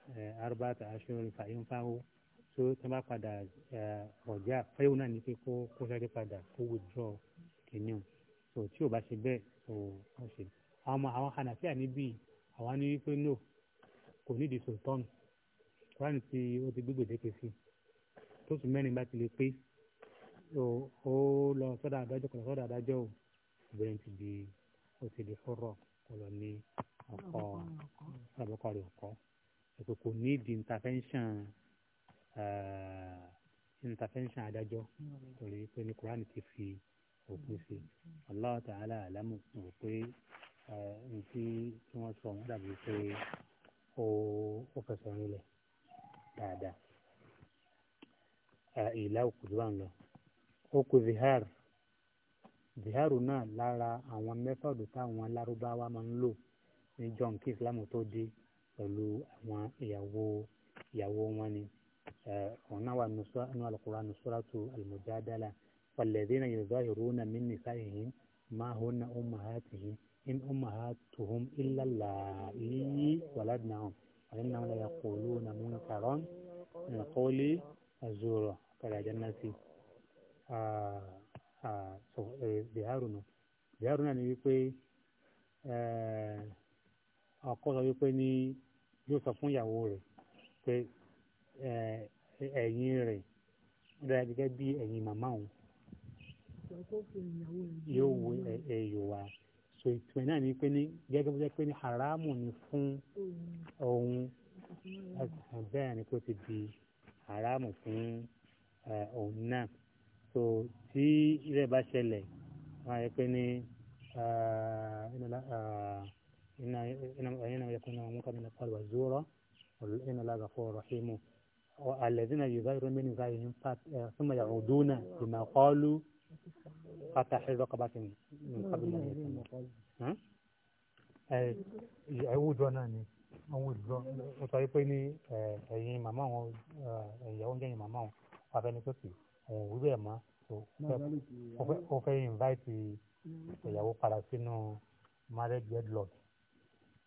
uh, arbata ashur fàyín fáwọ́ so tí wọ́n bá padà ọ̀já fẹ́yìí náà ní pé kó kó sáré padà kó withdraw kìíní so tí o bá ṣe bẹ́ẹ̀ o ò ṣe àwọn ọmọ àwọn hànàfíà níbí àwọn ní wípé no kò nídìí sultan quran tí ó ti gbégbèdéke sí tó sùn mẹ́rin bá ti lè pé ó lọ sọ́dọ̀ adájọ́ kọ̀ọ̀lọ́ sọ́dọ̀ adájọ́ o obìnrin ti di ó ti di fọ́rọ̀ kọ̀ọ̀lọ́ ní ọkọ̀ ọ̀sàbọ̀kọ̀ rẹ̀ ọ̀kọ́ ẹ̀kọ́ kò ní di intervention intervention adájọ́ torí pé ní kúránì ti fi òpin sí Allah ta'ala àlámù rò pé ntí tí wọ́n sọ wọ́n dàbí pé ó fẹsẹ̀ rinlẹ̀ dáadáa ìlà òkùnjú wa ń lọ oko zihar ziharu náà lára àwọn mẹ́fọ̀dù táwọn lárúbáwá máa ń lò níjọ́ nkí islam tó dé pẹ̀lú àwọn ìyàwó ìyàwó wọn ni òun náà wà nínú alukur'an suratu al-mujadala walladhina yuzahiruna min nisa'ihim ma hunna ummahatuhum in ummahatuhum illa allati waladnahum wa innahum la yaquluna munkaran min qawli azura kala jannati biharuna biharuna ni wípé ọkọ sọ wípé ni yóò sọ fún ìyàwó rẹ̀ pé ẹ̀yìn rẹ̀ lọ́yà gẹ́gẹ́ bí ẹ̀yìn màmá òun yóò wo ẹ̀yọ̀ wa so ìtumẹ̀ náà ni pé ní gẹ́gẹ́ bó jẹ́ pé ní haramu ni fún òun bẹ́ẹ̀ ni kò ti di haramu fún òun náà so tí ilé bá ṣẹlẹ̀ wọ́n á yẹ pé ní إنما يكون منكر من القول والزورة وإن الله غفور رحيم الذين يظاهرون من غيرهم ثم يعودون بما قالوا فتح رقبة من قبل أن يتم يعودون أني àwọn ìlú wọn sọ pé ní ẹ̀yin màmá wọn ìyàwó ń jẹ́ ẹ̀yin màmá wọn afẹ́ni tó sì òun òwú bẹ́ẹ̀ mọ́ ó fẹ́ invite ìyàwó padà sínú marriage wedlock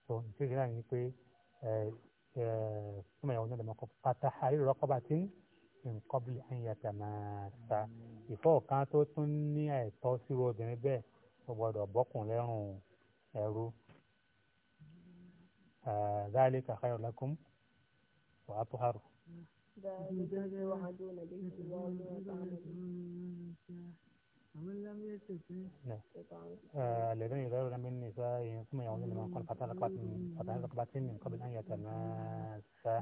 so ìṣèjì náà ni pé ثم يعودون لما قف فتحرير رقبة من قبل أن يتماسا ìfọ̀ọ̀kan tó tún ní ẹ̀tọ́ síru obìnrin bẹ́ẹ̀ ó gbọ́dọ̀ bọ́kùn lẹ́rùn ẹ̀rú ذلك خير لكم وأطهر. الذين يظهرون من نسائهم ثم يعودون لمن قد قتل رقبة من قبل أن يتماسا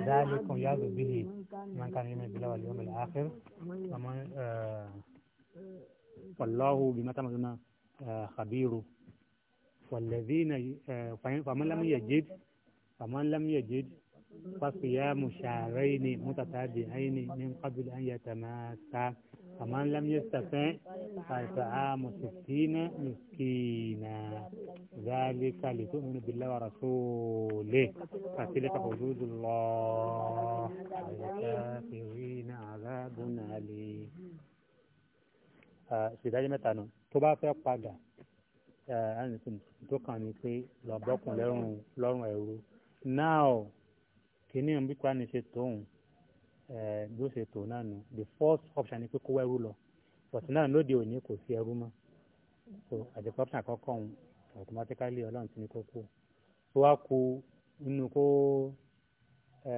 ذلكم يعظ به من كان يؤمن بالله واليوم الآخر ومن والله بما تعملون خبير والذين فمن لم يجد فمن لم يجد فصيام شهرين متتابعين من قبل أن يتماسا فمن لم يستطع فإطعام ستين مسكينا ذلك لتؤمن بالله ورسوله فتلك حدود الله الكافرين عذاب أليم ṣèdájọ́ mẹ́ta nù tó bá fẹ́ padà tó kàn ní pé lọ́bọ̀kùn lọ́rùn ẹ̀rú náà kìíní ìbíkọ́ àníṣe tóun Eh, bí ó ṣe tò náà nù the first option ni pé kó wẹ́rú lọ but náà lóde òní kò sí ẹrú mọ́ so àjẹpọ̀ option àkọ́kọ́ òun automatically ọlọ́run ti ní kó kú tó wá ku nínú kó ṣe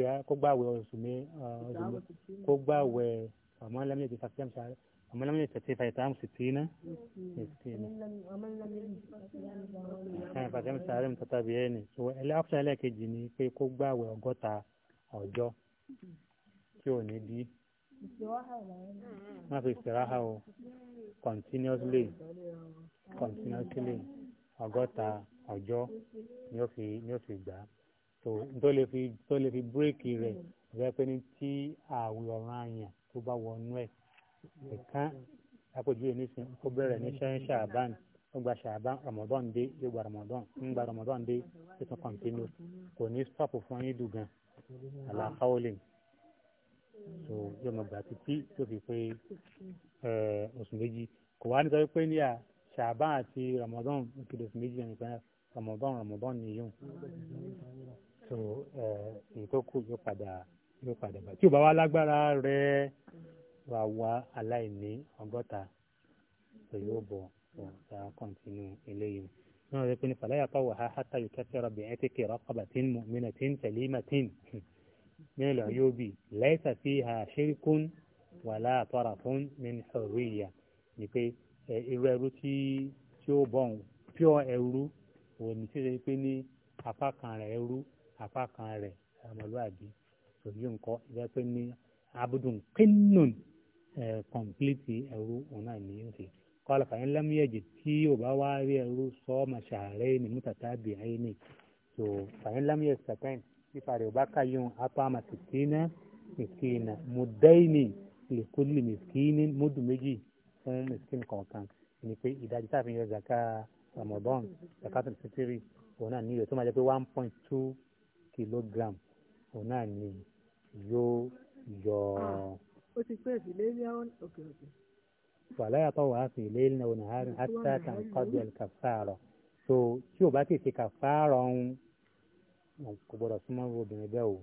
eh, eh, kó gbàwé oṣù mi kó gbàwé ọmọ lẹ́mí èdè fàtí àmì sáré ọmọ lẹ́mí èdè fàtí fàtí àmì sìtì iná sìtì iná fàtí àmì sáré mi tọ́tà bí ẹni ẹlẹ́ option ẹlẹ́ẹ̀kejì ni pé kó gbàwé ọgọ́ta ọjọ́ tí ò ní bí má fi ìsìráhà o continuously continuously ọgọ́ta ọjọ́ ni ó fi ni ó fi gbà á tó tó lè fi tó lè fi bírèkì rẹ̀ rẹ̀ pé ní tí ààwẹ̀ ọ̀ràn àyàn tó bá wọnú ẹ̀ ẹ̀kan àpèjúwe nísìn kó bẹ̀rẹ̀ ní sẹ́yìn ṣàbán ó gba ṣàbán ramadan dé yóò gba ramadan ń gba ramadan dé tó tún kọ̀ǹtínú kò ní stop fún yín dùn gan-an àlàkáwọlẹ mm. so yóò mọ gbà títí tó fi pé oṣù méjì kò wá nítorí pé ní à ṣàbá àti ramadan kìlọ̀ oṣù méjì ẹni pé ramadan ramadan nìyóò so èyí tó kù yóò padà yóò padà bá tí ò bá wá lágbára rẹ wà wá aláìní ọgọ́ta so yóò bọ̀ so ṣáà eléyìí náà rẹ pé ní fàlàyà pàwọ̀ ha hátà yóò kẹ́sẹ̀ rọ̀bì ẹ̀ ti kẹ̀rọ kọ̀bàtín mọ̀mìnàtín tẹ̀límàtín nínú lọ yóò bì lẹ́sà fi ha ṣerikún wàlá àtọ́ra fún min hurriya ni pé irú ẹrú tí tí ó bọ̀ pure ẹrú òun ni ṣe pé ní apá kan rẹ̀ ẹrú apá kan rẹ̀ ọmọlúwàbí òbí nǹkan ìjẹ́ pé ní abudun kinnun complete ẹrú òun náà ní í ṣe. قال فإن لم يجد تي وبواري صوم شهرين متتابعين so, فإن لم يستطع يفعل بقى يوم أطعم ستين مسكين مدين لكل مسكين مد méjì fún مسكين kọ̀ọ̀kan ni pé ìdajì tá a fi yọ zaka Ramadan zakatul fitiri òun náà ní iyọ̀ tó máa jẹ́ pé one point kilogram òun náà ní yóò yọ. ó ti ولا يطوع في ليل ونهار حتى تنقضي الكفارة so tí o bá ti fi kàfàárà ọ̀hún kò gbọ́dọ̀ súnmọ́ obìnrin bẹ́ẹ̀ o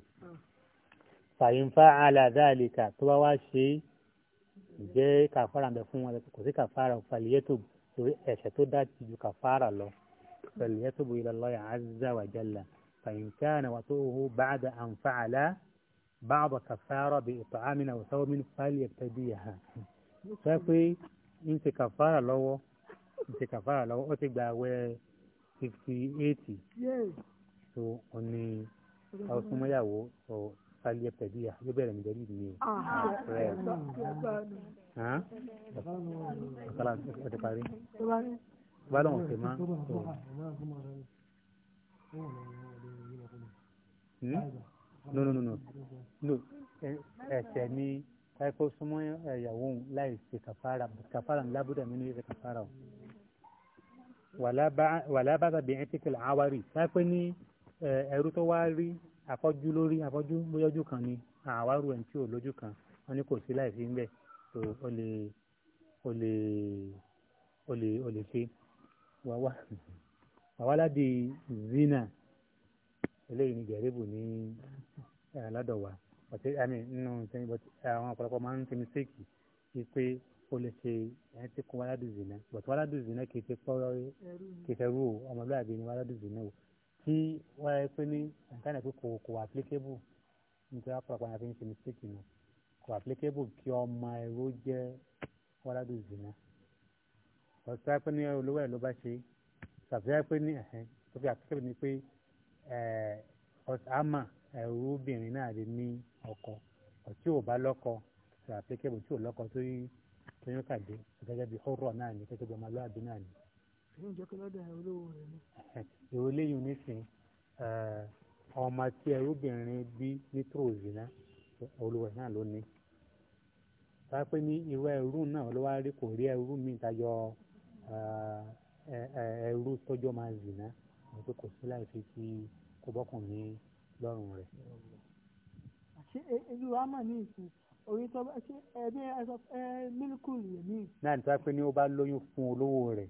fàyínfà alàdáàlìkà tó bá wá ṣe jẹ́ kàfàárà bẹ fún wọn kò sí kàfàárà fàlìyẹ́tò torí ẹ̀ṣẹ̀ tó dá ti ju kàfàárà lọ fàlìyẹ́tò bu ila Allah azza wa jalla fàyínfà àwọn tó hó ba'da an fa'ala ba'da kàfàárà bi it'amin aw sawmin fàlìyẹ́tò bí yà sọ pé ń ṣe kàfàrà lọ́wọ́ ń ṣe kàfàrà lọ́wọ́ ó ti gba àwẹ̀ fifty eight so òní ọ̀sùnmọ́yàwó sọ sálẹ̀ pẹ̀lú yà yóò bẹ̀rẹ̀ nìjẹ́ yìí ni rẹ̀ ọ̀sálà ọ̀tẹ̀ parí bá lọ́wọ́ ṣe hmm? no no no no no ẹsẹ̀ ni káyọ̀ kó súnmọ́ ìyàwó láì ṣe kàfàrà kàfàrà ńlá búdà mí ní ìṣe wala ba, wàlá bàtà bí awari, kìlà àwárí lápẹ́ ní ẹrú tó wá rí afọ́jú lórí afọ́jú bóyọ́jú kan ni àwárò ẹ̀ tí ò lójú kan wọn ni kò sí láìsí ń bẹ̀ tó o lè o lè o lè o lè ṣe wàwá wàwálá di zina eléyìí ni gẹ̀rẹ́bù ní aládọ̀wà. Eh, bàtí àmì nínú nǹkan yìí bàtí àwọn ọ̀pọ̀lọpọ̀ máa ń ṣe mistake yìí pé o lè ṣe ẹni tí kò wá ládùn zìnà bàtí wá ládùn zìnà kì í ṣe pọ́ọ́rọ́ kì í ṣe rú o ọmọlúwàbí ni wá ládùn zìnà o tí wọ́n yẹ pé ní nǹkan náà pé kò kò applicable nítorí ọ̀pọ̀lọpọ̀ máa fi ń ṣe mistake nù kò applicable kí ọmọ ẹ̀rọ jẹ́ wá ládùn zìnà bàtí pé ní olówó ẹ̀ ló bá ṣe ẹrú obìnrin náà lè ní ọkọ ọtí ò bá lọkọ ṣe àplikébù tí ò lọkọ tó tóyún kàdé gẹ́gẹ́ bí ọ̀rọ̀ náà ni gẹ́gẹ́ bí ọmọlúwàbí náà ni. ṣé ìjọ kílódé olówó rẹ ni. èrò lẹ́yìn onísìn ọmọ tí ẹrúbìnrin bí nítrò zina olùwẹ̀ náà ló ní. wọ́n á pè ní irú ẹrú náà ló wá rí kò rí ẹrú mi tayọ ẹrú tọ́jọ́ máa zina wọ́n pé kò sí láì fi kí kó bọ́kùnrin lọ́rùn rẹ̀. ṣé èyí wàá mọ̀ ní ìsìn orí tó bá ṣe ẹbí ẹ mílíkù yìí ní. náà nípa pé ní ó bá lóyún fún olówó rẹ̀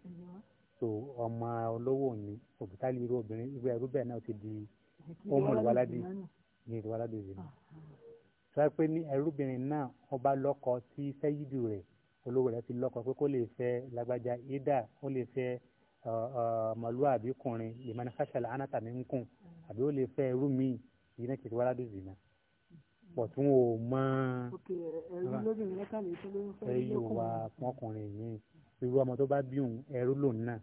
so ọmọ olówó ni òbítálì irú obìnrin irú ẹrú bẹ́ẹ̀ náà ti di ọmọlúwaládì ní ìlúwaládì yìí. sọ pé ní ẹrúbìnrin náà ọba lọ́kọ sí sẹ́yìdù rẹ̀ olówó rẹ̀ ti lọ́kọ pé kó lè fẹ́ lágbájá ida ó lè fẹ́ mọ̀lúwàbí kùnrin ìmọ̀nìkàṣàlà anátàmí ń kùn àbí ó lè fẹ́ ẹrú mi yìí náà kìí wá ládùn zìnà pọ̀ tí wọn ò mọ ẹyọ wa fún ọkùnrin yìí irú ọmọ tó bá bí òun ẹrú lòun náà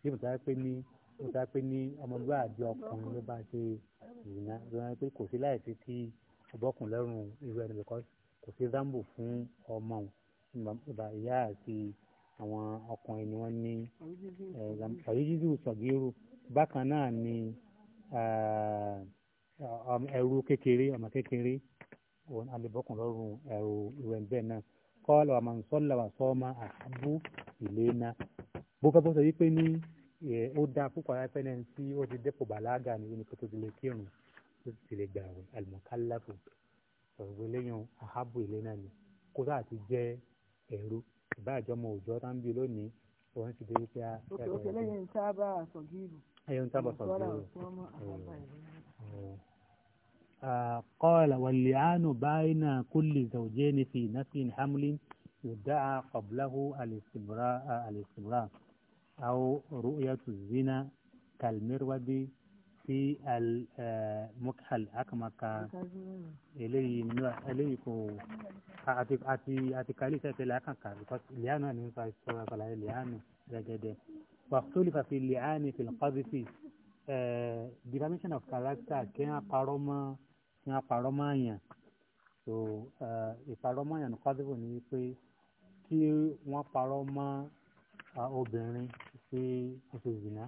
bí mo sáré pé ní mo sáré pé ní ọmọlúwàbí ọkùnrin ló bá ṣe zìnà lọ́nà pé kò sí láì sí kí ọbọ̀kùn lọ́rùn irú ẹni lọ́kọ́ kò sí zambo fún ọmọ ìbá ìyá àti àwọn ọkùnrin ni wọ́n ní ẹ̀ẹ́dàmú ṣàyíjídù ṣàgírù bákan náà ni ẹrú kékeré ọmọ kékeré òun alẹ́bọ̀kùn lọ́rùn ẹrù ìwẹ̀ bẹ́ẹ̀ náà kọ́ọ̀lù ọmọ nsọ́lá wà sọ́ọ́mà àbú ìléna bó fẹ́ bó sọ wípé ní ó dáa púpọ̀ ayáfẹ́ náà tí ó ti dẹ́pọ̀ bàlágà ní ní kótó ti lè kírun tó ti lè gbà wẹ̀ àlùmọ̀kálàfù ọ̀gbẹ́ lẹ́yìn àhábù ìléna ni kó sáà ti jẹ́ ẹrú ìbáàjọ́mọ òòjọ́ tá ń bí lónìí òun ti dé wípé á. òkè òkè lẹ́yìn sábà àsọ̀gírù. أي أيوة، أيوة. أيوة. آه، قال واللعان بين كل زوجين في نفي حمل يدعى قبله الاستبراء الاستبراء أو رؤية الزنا كالمرود في المكحل آه، أكمك إلي إليكو أتي أتي أتي كاليسة تلاكك because لأنه أنا نسأل سورة فلا لأنه رجده واختلف في اللعان في القذف uh, defamation of character kí wọ́n parọ́ mọ́ kí wọ́n parọ́ mọ́ àyàn so ìparọ́ mọ́ àyàn qadhifu ni wípé kí wọ́n parọ́ mọ́ obìnrin pé ó ṣe zìnà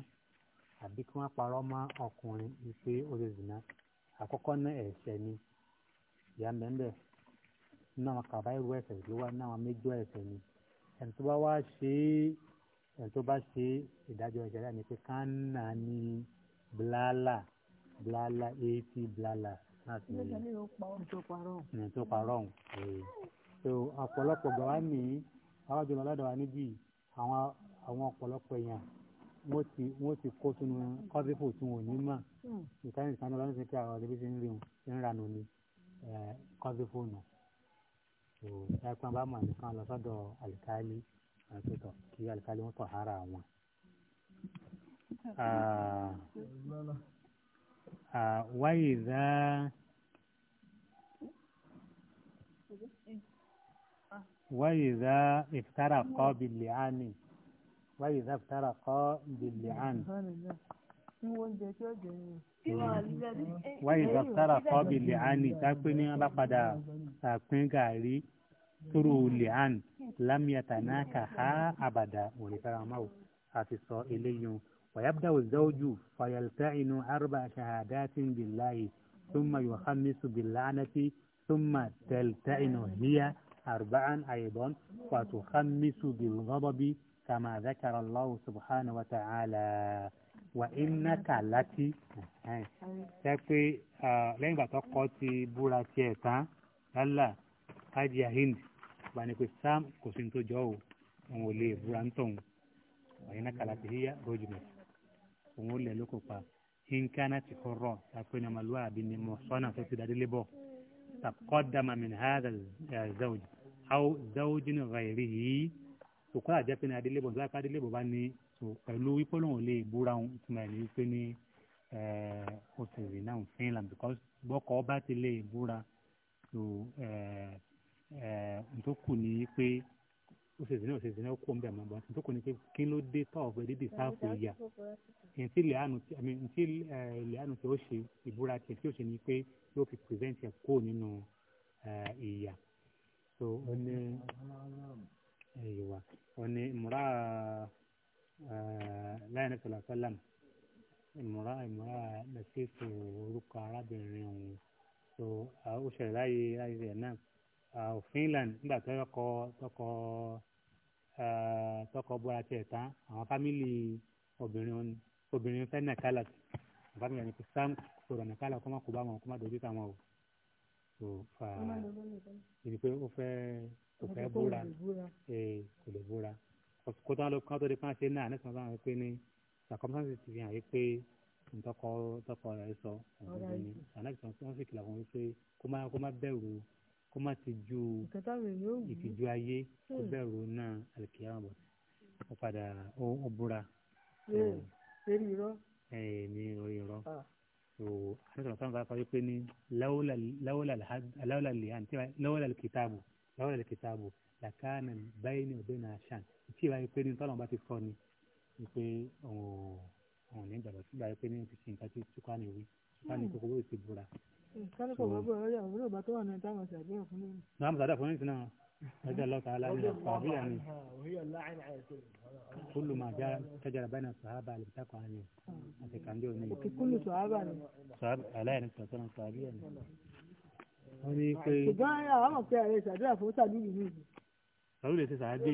àbí kí wọ́n parọ́ mọ́ ọkùnrin pé ó ṣe zìnà àkọ́kọ́ náà ẹ̀ṣẹ̀ ni ìyá mẹ́ńbẹ́ náà kàbáyé ẹ̀ṣẹ̀ ló wá náà méjọ́ ẹ̀ṣẹ̀ ni ẹni tó bá wá ṣe é ẹni tó bá ṣe ìdájọ́ ìṣẹ̀lẹ̀ ni pé kánà ní blala blala eighty blala láti ní ẹni tó parọ́ eh. so ọ̀pọ̀lọpọ̀ gbà wá ní àwọn àjọyọ̀ ọ̀làdà wa níbí àwọn ọ̀pọ̀lọpọ̀ èèyàn wọ́n ti wọ́n ti kó sínú kọ́fífò tí wọ́n ò ní mọ̀ ìkànnì ìkànnì ọlọ́run ṣe kí àwọn ọ̀dẹ́bí ti ń rí wọn ti ń ranù ní kọ́fífò nù. so ẹ̀ka bá mọ̀ nìkan lọ sọ́dọ̀ àlìkáálí àtúntò kí alikali wọn tọhara ah, ah, wọn. wáyé dá. wáyé dá ìfitára kọ́ bìlì ánì wáyé dá ìfitára kọ́ bìlì ánì. wáyé dá ìfitára kọ́ bìlì ánì dápé ní alápadà àpín gàrí tóró lẹ́hàn lámìàtànáka ha àbàdà òní fẹ́ràn máa wò àti sọ eléyìí ويبدأ الزوج فيلتعن أربع شهادات بالله ثم يخمس باللعنة ثم تلتعن هي أربعا أيضا وتخمس بالغضب كما ذكر الله سبحانه وتعالى وإنك التي تكفي لين بتقوتي بولاتي تان هلا هذه هند pa ni pé sam kò sí ní tó jọ o òun ò lè búra ń tọ̀hún ọ̀yìn náà kàlà ti híyá rojimet òun ó lẹ̀ ló kó pa hinkana ti kọ́rọ̀ tàpẹ́ ní ọmọlúwàbí ni mo sọ́nà tó ti dá délé bọ̀ tàkọ́dàmà min hàdà zawj aw zawjin ghayrihi òkú àjẹpẹ́ ní adélé bọ̀ nígbà adélé bọ̀ bá ní pẹ̀lú wípé òun ò lè búra òun ìtumọ̀ ẹ̀ ní wípé ní ó rìn náà fínlá because bọ́kọ̀ ọba ti lè búra Eh, ntòkù ni pé ó ṣe ìsinmi ọ̀sẹ̀ ìsinmi ọkọ̀ ń bẹ̀ mọ́ bọ́n ntòkù ni pé kí ló dé tọ́ ọ̀fẹ́ dídì sáàfù ìyà ntí lẹ́hànù tí ntí eh, lẹ́hànù tí ó ṣe ìbúra tiẹ̀ tí ó ṣe ni pé yóò fi pìrìsẹ́ǹtì ẹ̀ kúrò nínú eh, ìyà so ó ní ìwà ó ní ìmúra láyé nípa làṣálàm ìmúra ìmúra lọ sí ètò orúkọ arábìnrin òun so ó ṣẹlẹ̀ láyé láyé rẹ̀ náà. Finland nígbà tó tọkọ tọkọ tọkọ bọ́ra tiẹ̀ tán àwọn fámìlì obìnrin obìnrin fẹ́ nàkàlà àwọn fámìlì ẹni pé sam sọ̀rọ̀ nàkàlà kó má kó bá wọn kó má dojú tàwọn o tó fà á ìdí pé ó fẹ́ kò fẹ́ búra ee kò lè búra kó tó lọ kó tó di pé wọ́n ṣe náà nípa báwọn pé ní circumstances ti fi hàn pé ntọ́kọ tọkọ rẹ̀ sọ ọ̀gbìn ni àná ìsọ̀tún wọn sì wọn pé kó má bẹ̀rù kó má ti ju ìtìjú ayé kó hmm. bẹ́ẹ̀ ro náà àlùkìyàmọ̀ bọ̀ ó padà ó búra. Hmm. ní orí irọ́ ah. so àtúntò sáwọn bá parí pé ní láwùlà lìhàn tí láwùlà kìtàbù láwùlà kìtàbù làkàna báyìí ní òbí náà ṣàn tí ìwà yìí pé ní tọ́lọ̀ bá ti sọ ni wípé òun ò ní gbàgbọ́ sí ìgbà yìí pé ní ti ṣe nǹkan tí túkà ní wí túkà ní hmm. kókó bó ti búra kálíkọ̀ bàbá ọ̀rẹ́yà òwúrò bá tó wà ní ìtàwọn ṣàdúrà fún mi. náà mo ṣàdúrà fún yín sí náà ẹjọ́ lọ́ta aláìlẹ̀ fàbíyà ni kúlù máa já tẹ́jára báyìí náà sàhábà lè takọ̀ àyè àti kàńjọ́ ní. òkè kúlù sàhábà ni. aláìlẹ̀ sọ̀tọ̀ náà fàbíyà ni. wọ́n ní pé. ṣùgbọ́n àwọn àmọ̀ pé àyè ṣàdúrà fún sàdúrà mi. sàdúrà ti sàádé.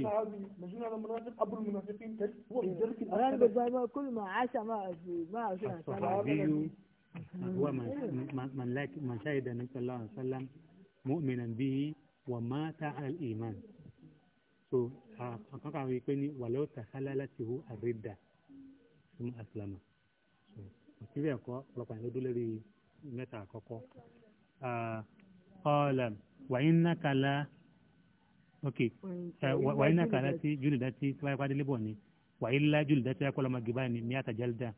ọ̀rẹ́ gbogbo ẹgbẹ́ kúlù máa àṣà máa àṣà máa àṣà هو من لك من شهد النبي صلى الله عليه وسلم مؤمنا به ومات على الإيمان so àkọ́kọ́ àwọn ìpè ní wàlẹ́ òtà hálálàtìhù àrídà fún asilamu so òtí bẹ́ẹ̀ kọ́ ọlọ́pàá ló dúró lórí mẹ́ta àkọ́kọ́ ọ̀ọ́lá wàyínnàkàlà ok wàyínnàkàlà tí júlùdá tí tíwáyé pàdé lébọ̀ ni wàyínlá júlùdá tí wáyé kọ́lọ́mọ gíbá ni ní àtàjálùdá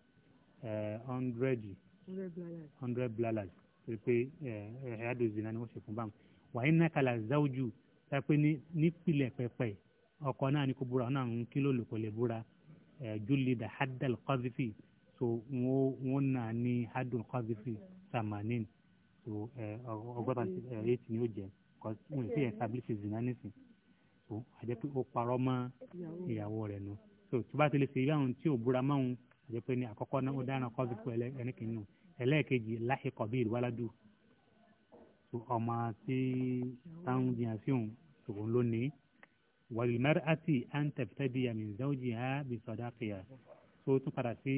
ọ̀ndrẹ́dì hundred blalas pé pé ẹ̀ẹ́dù zina ni wọ́n ṣe fún báwọn wàá iná kàlà záwùjù tá a pé nípìlẹ̀ pẹ́pẹ́ ọkọ náà ni kò búra ọ̀nà àwọn kílò lòkò lè búra júlida hadal kọ́sífì so wọ́n nà ní hadal kọ́sífì samanin so ọgbọ́n pàṣẹ ẹ̀ẹ́tì ni ó jẹ́ because wọ́n ti establish zina nísìn so àjẹpẹ́ ó parọ́ mọ́ ìyàwó rẹ̀ nù so tó bá ti lè ṣe ilé tí ò búra máwọn àti pé ní àkọ́kọ́ náà ó dáná kọ́ sí pẹ̀lẹ́ ẹnìkìíní nù ẹlẹ́ẹ̀kejì láhìkọ̀ bíi ìwáládù ọmọ tí táwọn jìyàn sí òun tòun ló ní wàlìmẹ́rẹ́ àti àǹtẹ̀fẹ́bí àmì ìzáwójì á bí sọ̀dá fìyà tó tún padà sí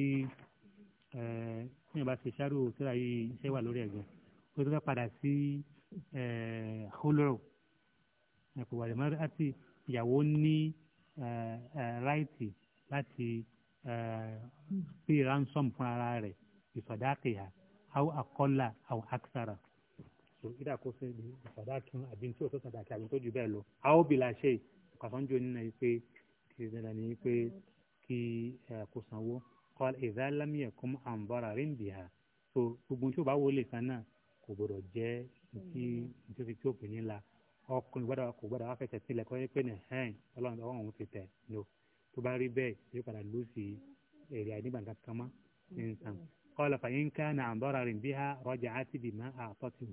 ẹ̀ẹ́dẹ́gbẹ̀rún bá ṣe ṣáàrù síra yìí iṣẹ́ wà lórí ẹ̀gbẹ́ tó tún padà sí ẹ̀ẹ́dẹ́gbẹ̀rún ẹ̀kọ́ wàlìmẹ́rẹ́ àti ìyàwó ní ẹ̀ẹ́dẹ́gbẹ̀rún láti bí ransom fún ara rẹ̀ ìfàdákì ha àwọn àkọ́là àwọn àkísàrà so ìdá kó sí ìfàdákì àbí tí ó tó sàdákì àbí tó jù bẹ́ẹ̀ lọ àwọn òbí la ṣe kàfọ́njú nínú yìí pé kì í dandan ní pé kí kò sanwó kọ́l ìdá lámìẹ̀ kún àǹbọ̀rà rí bì ha so gbogbo tí ó bá wọlé kan náà kò gbọdọ̀ jẹ́ ti tí ó fi tí ó pè ní la ọkùnrin kò gbọdọ̀ wá fẹsẹ̀ sílẹ̀ kọ́ ẹ pé ní hẹ́n ọlọ́run ọ̀hún ti tẹ̀ ní o tó bá rí bẹ́ẹ̀ yóò padà lùsì èrè àdìgbàgbà kan mọ́ ní nsàn. قال فإن كان عن ضرر بها رجعت بما أعطته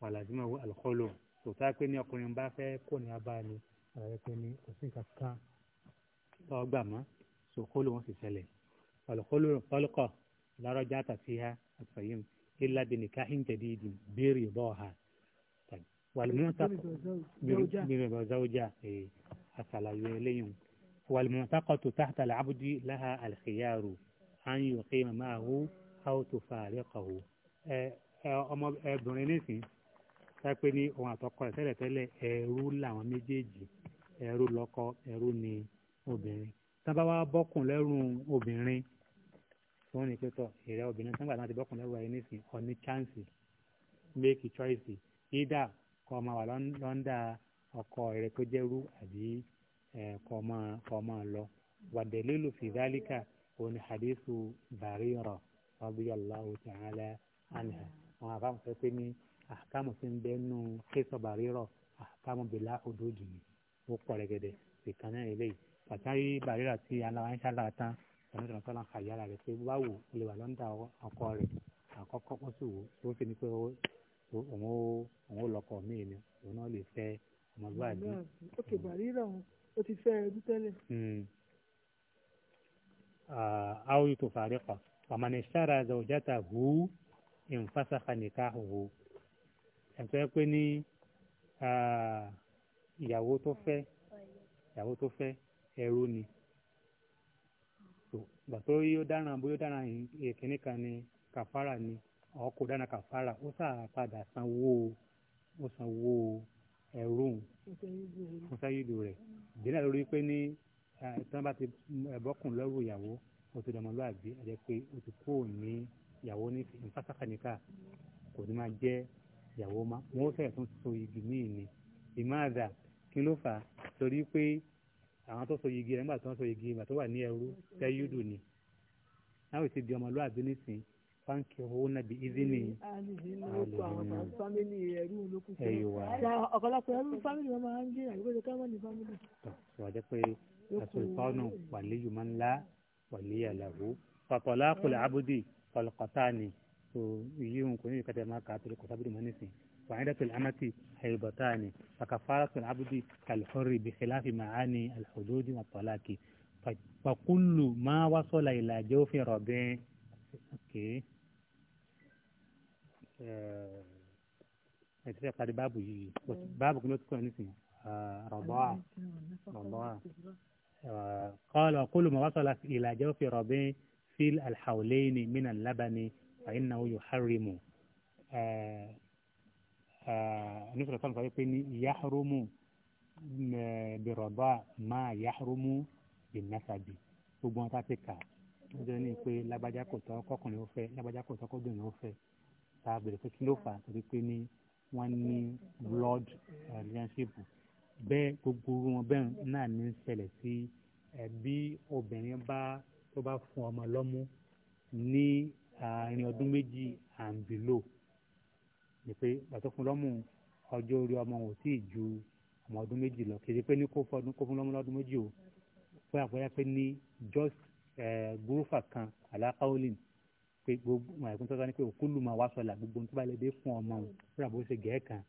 ولازمه الخلو tòtá pé ní ọkùnrin bá fẹ́ kó ní abá ni ọ̀rọ̀ yẹn pé ní kò sí nǹkan kan tọ́gbà mọ́ sòkóló wọn sì ṣẹlẹ̀ ọ̀lọ́kóló ọlọ́kọ̀ lárọ́jà àtàtì ha àtàyè ilá bìnnì káhìn jẹ̀dí ìdì béèrè bọ́ọ̀ ha wàlúmọ́ta bìrì bọ́ọ̀ záwọ́jà àṣàlàyé eléyìí wàlmùtákọ̀tù تحت làbùdí لها الخيار أن يقيم معه أو تفارقه. fàárẹ̀kọ̀hù ẹ ọmọ ẹbìnrin nísìn sápé ní ohun àtọkọ rẹ tẹ́lẹ̀tẹ́lẹ̀ ẹrú làwọn méjèèjì ẹrú lọ́kọ ẹrú ni obìnrin sábà wá bọ́kùn lẹ́rù obìnrin tí wọ́n ní pé tọ̀ ìrẹ́ obìnrin sábà náà ti bọ́kùn lẹ́rù ayé nísìn ọ̀ní chance make choice either kọ́ ọmọ wà lọ́ndà ọkọ rẹ tó jẹ́rú àbí kọ́ máa kọ́ máa lọ. wàdẹ̀lélù fìdálíkà òní hadithu bàrírọ̀ radiyallahu ta'ala anha. àwọn afáàmù sọ pé ní àkàmù sí ń bẹ́ nù kéṣọ bàrírọ̀ àkàmù bìlá òdòdì ni ó pọ̀ rẹ̀gẹ̀dẹ̀ ìkan náà eléyìí. pàtàkì bàrírà tí aláwa ń ṣàlàyé tán ẹni tó ń sọ́nà kàyára rẹ̀ pé báwo lè wà lọ́ńdà ọkọ rẹ̀ àkọ́kọ́ sì wò ó sì ní pé òun ó lọ́kọ̀ míì ni òun náà lè fẹ́ ọmọlúwàbí. òkè bàrírà wọn ó ti fẹ́ ẹbí tẹ́lẹ̀. àwọn yóò tó fàárẹ̀ kọ ọmọ ní sára zọjátà hu ìfásàkà nìka hu ẹ̀tọ́ ẹ pé ní ah, ìyàwó tó fẹ́ ìyàwó tó fẹ́ ẹrú ni gbà tó yóò dára bóyá dára ìkíní kan ni kàfàrà ni ọkọ̀ dára kàfàrà ó sà padà sanwó ó sanwó ẹ̀rọ fún sáyédù rẹ̀ dènà lórí pé ní tí wọ́n bá ti bọ́kùn lọ́rù ìyàwó o ti dọ̀mọlúàbí àjẹ́ pé o ti kó ní ìyàwó ní fásakàníkà kò ní máa jẹ́ ìyàwó má wọ́n fẹ́ tún so igi míì ni ìmáàdà kí ló fà á torí pé àwọn tó so igi rẹ̀ nígbà tó so igi ìgbà tó wà ní ẹrú sáyédù ni láwọn ti di ọmọlúàbí nísìnyí fáńkì owó nàbí ìdíni ẹ̀yọ̀wá. ọ̀pọ̀lọpọ̀ ẹrú fámìlì wọn máa ń gbé àgbẹ̀wò ká wọ́n ní fámìlì. tọ́ sọ jẹ́ pé àtúntọ́nù wàlíyù máa ń lá wàlíyà làwọ̀ pàpọ̀lá kùlẹ̀ abúdí pọ̀lọ̀kọ̀tà ni tó iye òun kò ní ìkàtà máa kà á torí kọ̀tà bídìí mọ́ nísìn وعندة الأمة هيبتان فكفارة العبد كالحر بخلاف معاني الحدود والطلاق فكل ما وصل إلى جوف ربيع أوكي okay. Eh, ẹ̀ ti parí báàbù yìí báàbù kí ló ti kọ́ ẹ nísìnyí ah, rọ̀bọ́à rọ̀bọ́à قال وكل ما وصل إلى جوف ربيع في الحولين من اللبن فإنه يحرم nítorí sọ́nà sọ pé ní yáhùrùmù eh, bìrọ̀bà máa yáhùrùmù bìnásàbì gbogbo wọn tá a ti kà ó jẹ́ ní pé lágbájá kò tọ́ kọkùnrin ó fẹ́ lágbájá kò tọ́ kóbìnrin ó fẹ́ tá a bèrè pé kí ló fà á torí pé ní wọ́n ní blood eh, relationship bẹ́ẹ̀ gbogbo wọn bẹ́ẹ̀ náà ní ṣẹlẹ̀ sí ẹbí eh, obìnrin bá tó bá fún ọmọ lọ́mú ní àárín ọdún méjì and below ni pé bàtọ́ fún lọ́mú ọjọ́ orí ọmọ ò tí ì ju ọmọ ọdún méjì lọ kìí pé ní kó fọdún kó fún lọ́mú lọ́dún méjì o fún àpẹẹrẹ pé ní just eh, gúrúfà kan alákàólìn pé gbogbo màìkún tọ́ta ni pé òkúlù máa wá sọlá gbogbo tó bá lè dé fún ọmọ òun fúra bó ṣe gẹ̀ẹ́ kan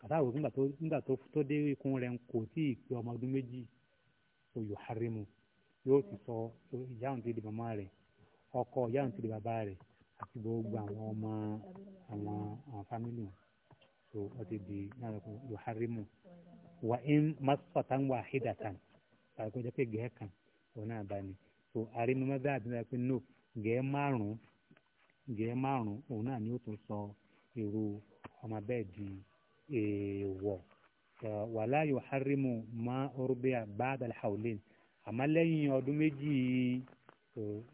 bàtà àwọn nígbà tó nígbà tó dé ikùn rẹ̀ kò tí ì pé ọmọ ọdún méjì oyò harimu yóò ti sọ ìyá òun ti di màmá rẹ̀ ọkọ ìyá òun ti di bàbá rẹ̀ àti gbogbo àwọn ọmọ àwọn àwọn fámìlì so wọ́n ti di náà kò oyò harimu wà ń masọ̀tàn wà hídàtàn tàbí kò jẹ́ pé gẹ̀ẹ́ kan òun náà bá ní so àrínú mọ́ bá àdúrà pé nope. gẹ̀ẹ́ márùn-ún gẹ̀ẹ́ márùn-ún òun náà ni ó tún sọ irú ọmọ bẹ́ẹ̀ di èèwọ̀ wàlá harimu ma urbiya ba'da al àmọ́ lẹ́yìn ọdún méjì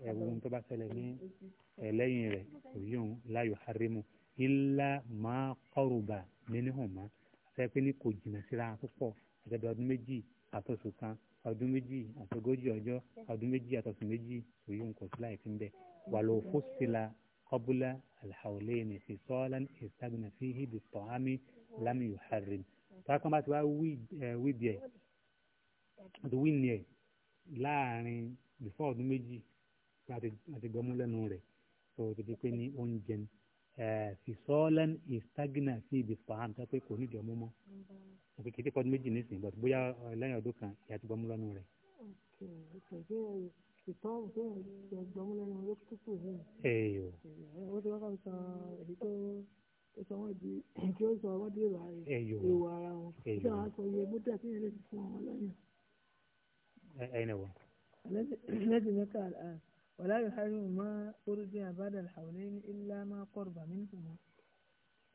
ẹ̀wù tó bá ṣẹlẹ̀ ní ẹlẹ́yìn rẹ̀ òyìn la harimu illa ma qaruba minhuma kò jìnnà síra púpọ̀ ọdún méjì àtọ̀sùn kan ọdún méjì ọjọ́ ọdún méjì àtọ̀sùn méjì láì fi ń bẹ̀ wàlò fúsìlà kọ́búlà alhawlẹ́ni fi sọ́ọ́lá ìsàgbìnà fi híbi tọ́hámi lámì yuharrim tọ́kàn bá ti wá wíbi eh, ẹ̀ àti wíìnì ẹ̀ láàrin bífọ́ ọdún méjì àti gbọ́mú lẹ́nu rẹ̀ tó o ti di pé ní oúnjẹ ni fi sọ́ọ́lá ìsàgbìnà fi híbi kò ní ìjọ mọ́mọ́ òkè kìí tí pọ́ọ̀dún méjì nísìnyí bọ́t bóyá eh, lẹ́yìn ọdún kan ìyá ti gbọ́mú lẹ́nu rẹ̀ ìtàn fún ìgbọ̀mú lẹ́nu ló kú kù hẹ́n. wọ́n ti wákàtí san èyí tó ó sọ wọ́n di tí ó sọ wọ́n di ìwà rẹ̀ ìwà ara wọn tí àwọn aṣọ iye múdà tí yẹn lè ti fún wọn lẹ́yìn. ẹni wọ. lẹ́sìn mẹ́ta wàlá ìhárí mọ́ orúdí àbádà àwòrán ilá máa kọ́rù bàmí nìkan.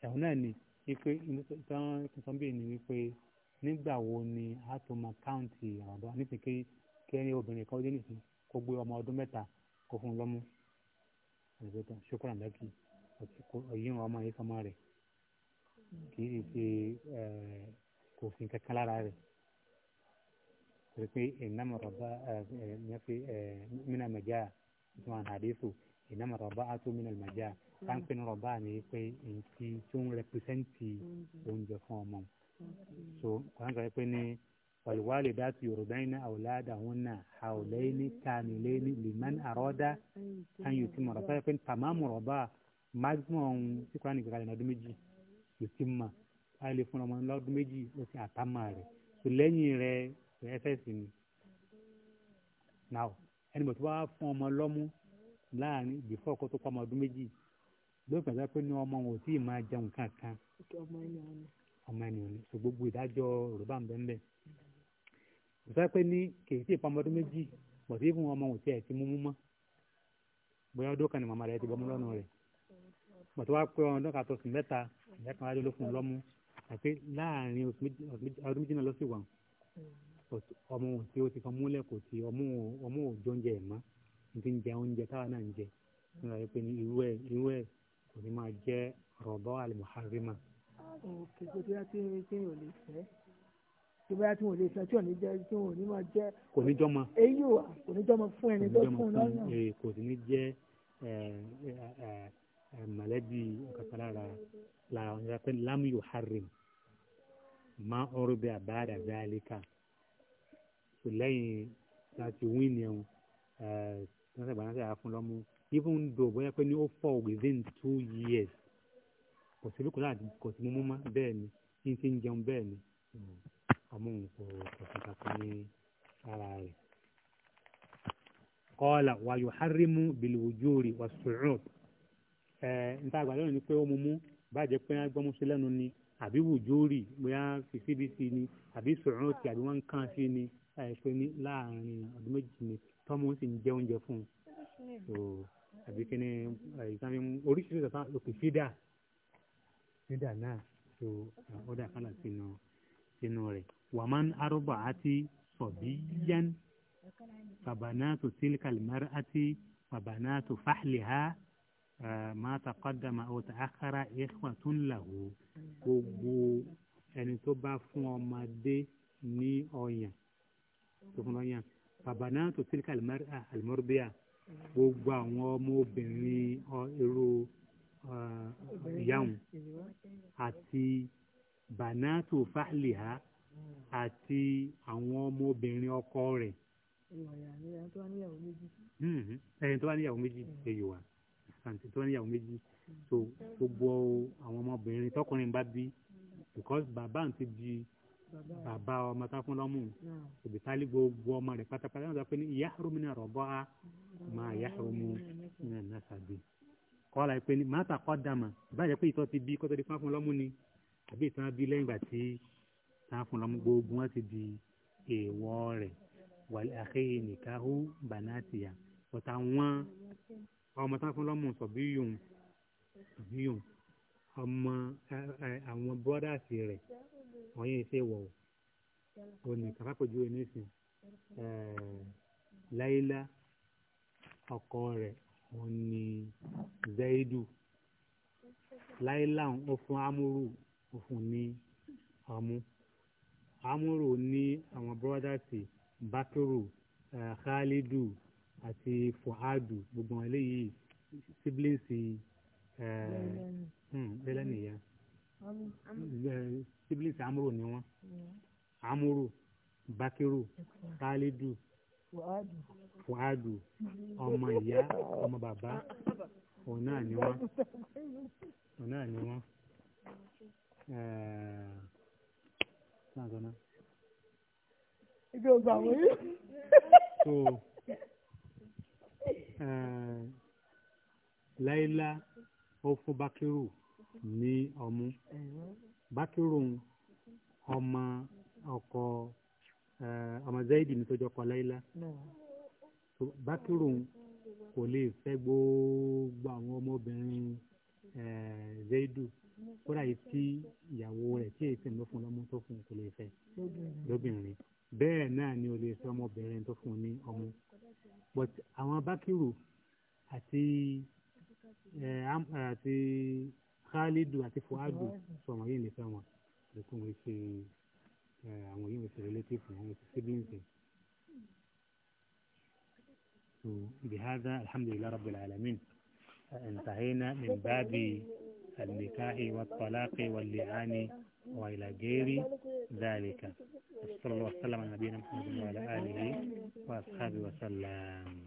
ẹ̀hún náà ni wípé ìtàn tuntun bíi ni wípé nígbà wo a tó kó gbé ọmọ ọdún mẹ́ta kó fún un lọ́mú àlùbẹ́tàn ṣókòrán lẹ́kì ọ̀yìn ọmọ yìí sọmọ rẹ̀ kì í ṣe kò sí kankan lára rẹ̀ pẹ̀lú pé ìnáma rọ̀bá mìíràn mẹ́jà tó wà hàdísù ìnáma rọ̀bá táǹpẹ̀ ní ni pé nǹkan tó ń rẹpẹsẹ́ǹtì oúnjẹ fún ọmọ so kò náà sọ pé ní. والوالدات يرضعن أولادهن حولين كاملين لمن أراد أن يتم رضاه فإن تمام رضاه maximum tí kò ní ìgbà kalẹ̀ lọ́dún méjì kò sí mà á lè fún ọmọ lọ́dún méjì ó sì àtàmà rẹ̀ tó lẹ́yìn rẹ̀ ẹ̀fẹ̀sì ni. now ẹni bọ̀ tí wọ́n á fún ọmọ lọ́mú láàrin before kó tó pa ọmọ ọdún méjì ló pẹ̀lú pé ní ọmọ wọn ò tí ì máa jẹun kankan ọmọ ènìyàn ni so gbogbo ìdájọ́ yorùbá ń bẹ́ẹ̀ sọ pé ní kèé tí ìpamọ́ ọdún méjì bọ̀ sí ìfún ọmọ òtí ẹ̀ ti mú mú mọ́ bóyá ọdún kan ní màmá rẹ̀ ti bọ́ mú lọ́nu rẹ̀ bọ̀ tó wá pé ọdún kan tó sùn mẹ́ta ìyá kan wájú ló fún un lọ́mú àti láàrin ọdún méjì náà ló sì wà ọmọ òtí ó ti kan múlẹ̀ kò tí ọmọ òjò oúnjẹ ẹ̀ mọ́ ní ti ń jẹ oúnjẹ táwa náà ń jẹ nígbà pé ní irú ẹ̀ irú ẹ̀ kò ní máa jẹ́ rọ̀bọ́ àlùmọ̀hárìmà tí bóyá tí wọn ò lè san tí wọn ò ní jẹ tí wọn ò ní máa jẹ. kò ní jọmọ. èyí wà kò ní jọmọ fún ẹni tó fún un lọ́yàn. kò sì ní jẹ mọ̀lẹ́bí kankan lára lára wọn yàtọ̀ lámú yóò harim má ọrọ̀ bí àbáàdà bí àlékà tó lẹ́yìn láti wí ni ẹ̀hún wọ́n sábà náà sábà fún even though bóyá pé ní ó fọ́ within two years kò sí lóko láti kò sí mímú má bẹ́ẹ̀ ni kí n ti ń jẹun bẹ́ẹ̀ ni amóhùn kò kò sí kakú ní ara rẹ̀. kọ́ọ̀là wàyò hárímù bìlìwòjúòrì wà sùúrù ẹ̀ ń ta àgbà lónìí pé ó mú mú bàjẹ́ pé wọ́n gbọ́mú sí lẹ́nu ni àbí wòjúòrì bóyá fi cbc ni àbí sùúrù ti àbí wọ́n ń kàn sí ni ẹ̀ pé ní láàrin ọdún méjì ni tọ́mú sì ń jẹ oúnjẹ fún un àbí kí ni ìsàmì oríṣiríṣi ọ̀sán lòkè fídà fídà náà so ọ̀dà kan sínú rẹ̀ wàmán arúgbó àti sọ̀bíyán fàbànàtò tilkal mẹ́rẹ́ àti fàbànàtò fáhìlìhá máa tàkọ́dàmà ó ta àkàrà ìhùwà tó ń làwò gbogbo ẹni tó bá fún ọmọdé ní ọyàn tó fún ọyàn fàbànàtò tilkal mẹ́rẹ́ àlùmọ́rúbíà gbogbo àwọn ọmọ obìnrin irú ìyáhùn àti bànàtò fáhìlìhá àti àwọn ọmọbìnrin ọkọ rẹ̀. ẹ̀yìn tó bá níyàwó méjì. Mm-hmm. ẹ̀yìn tó bá níyàwó méjì mm. ẹ̀yọ̀ wá àǹtí tó bá níyàwó méjì so gbogbo àwọn ọmọbìnrin tọkùnrin bá bí because bàbá àǹtí di bàbá ọmọ tá fún lọ́mù òbítálí gbogbo ọmọ rẹ̀ pátápátá náà sọ pé ní ìyá àrùn mi náà rọ̀ bọ́ a máa ìyá àrùn mu ní àná sàbí kọ́lá pé ní màtà kọ́ dàmà ìbáyọ̀ pé ìtọ́ ti bí kọ́tọ́ di fún afún lọ́mú ni àbí ìtàn á bí lẹ́yìn ìgbà tí táwọn fún lọ́mú gbogbo wọn ti di èèwọ̀ rẹ̀ wàlẹ́ àkéyè nìkáhó bànátìyà ọ̀tá wọn ọmọ táwọn fún lọ́mú sọ̀bíyùn sọ̀bíyùn ọmọ àwọn brothers rẹ̀ wọ́n yẹn ṣe wọ̀ òní kàfàkójú ẹ̀ nísìn láyélá ọkọ rẹ̀ òun ni zaidu láyélá ó fún amúrù ní ọmú amúrò ní àwọn bọ́dàsì bakiru eh, khalidu àti fuadu gbogbo àwọn eléyìí siblings eh, bẹ́lẹ̀ nìyà hmm, eh, siblings amúrò ni wọ́n amúrò bakiru khalidu fuadu mm-hmm. ọmọ ìyá ọmọ bàbá òun náà ni wọ́n òun ni wọ́n. Uh, sàgànà. ibi ò gbà wọ́n yìí. so eh, láìlá ó fún bákírù ní ọmú bákírù ọmọ ọkọ eh, ọmọ zaidi ní tọjọ kọ láìlá Bakiru kò lè fẹ́ gbogbo àwọn ọmọbìnrin eh, zaidu kódà yìí tí ìyàwó rẹ̀ tí èyí sì ń lọ fún lọ́mú tó fún kò lè fẹ́ lóbìnrin bẹ́ẹ̀ náà ni o lè fẹ́ ọmọbìnrin tó fún ní ọmú but àwọn bákìrù àti àti khalidu àti fuadu sọmọ yìí lè fẹ́ wọn lókun wọn ṣe àwọn yìí wọn ṣe relative wọn ṣe siblings ẹ̀. بهذا الحمد لله رب العالمين انتهينا من باب النكاح والطلاق واللعان وإلى غير ذلك صلى الله وسلم على نبينا محمد وعلى آله وأصحابه وسلم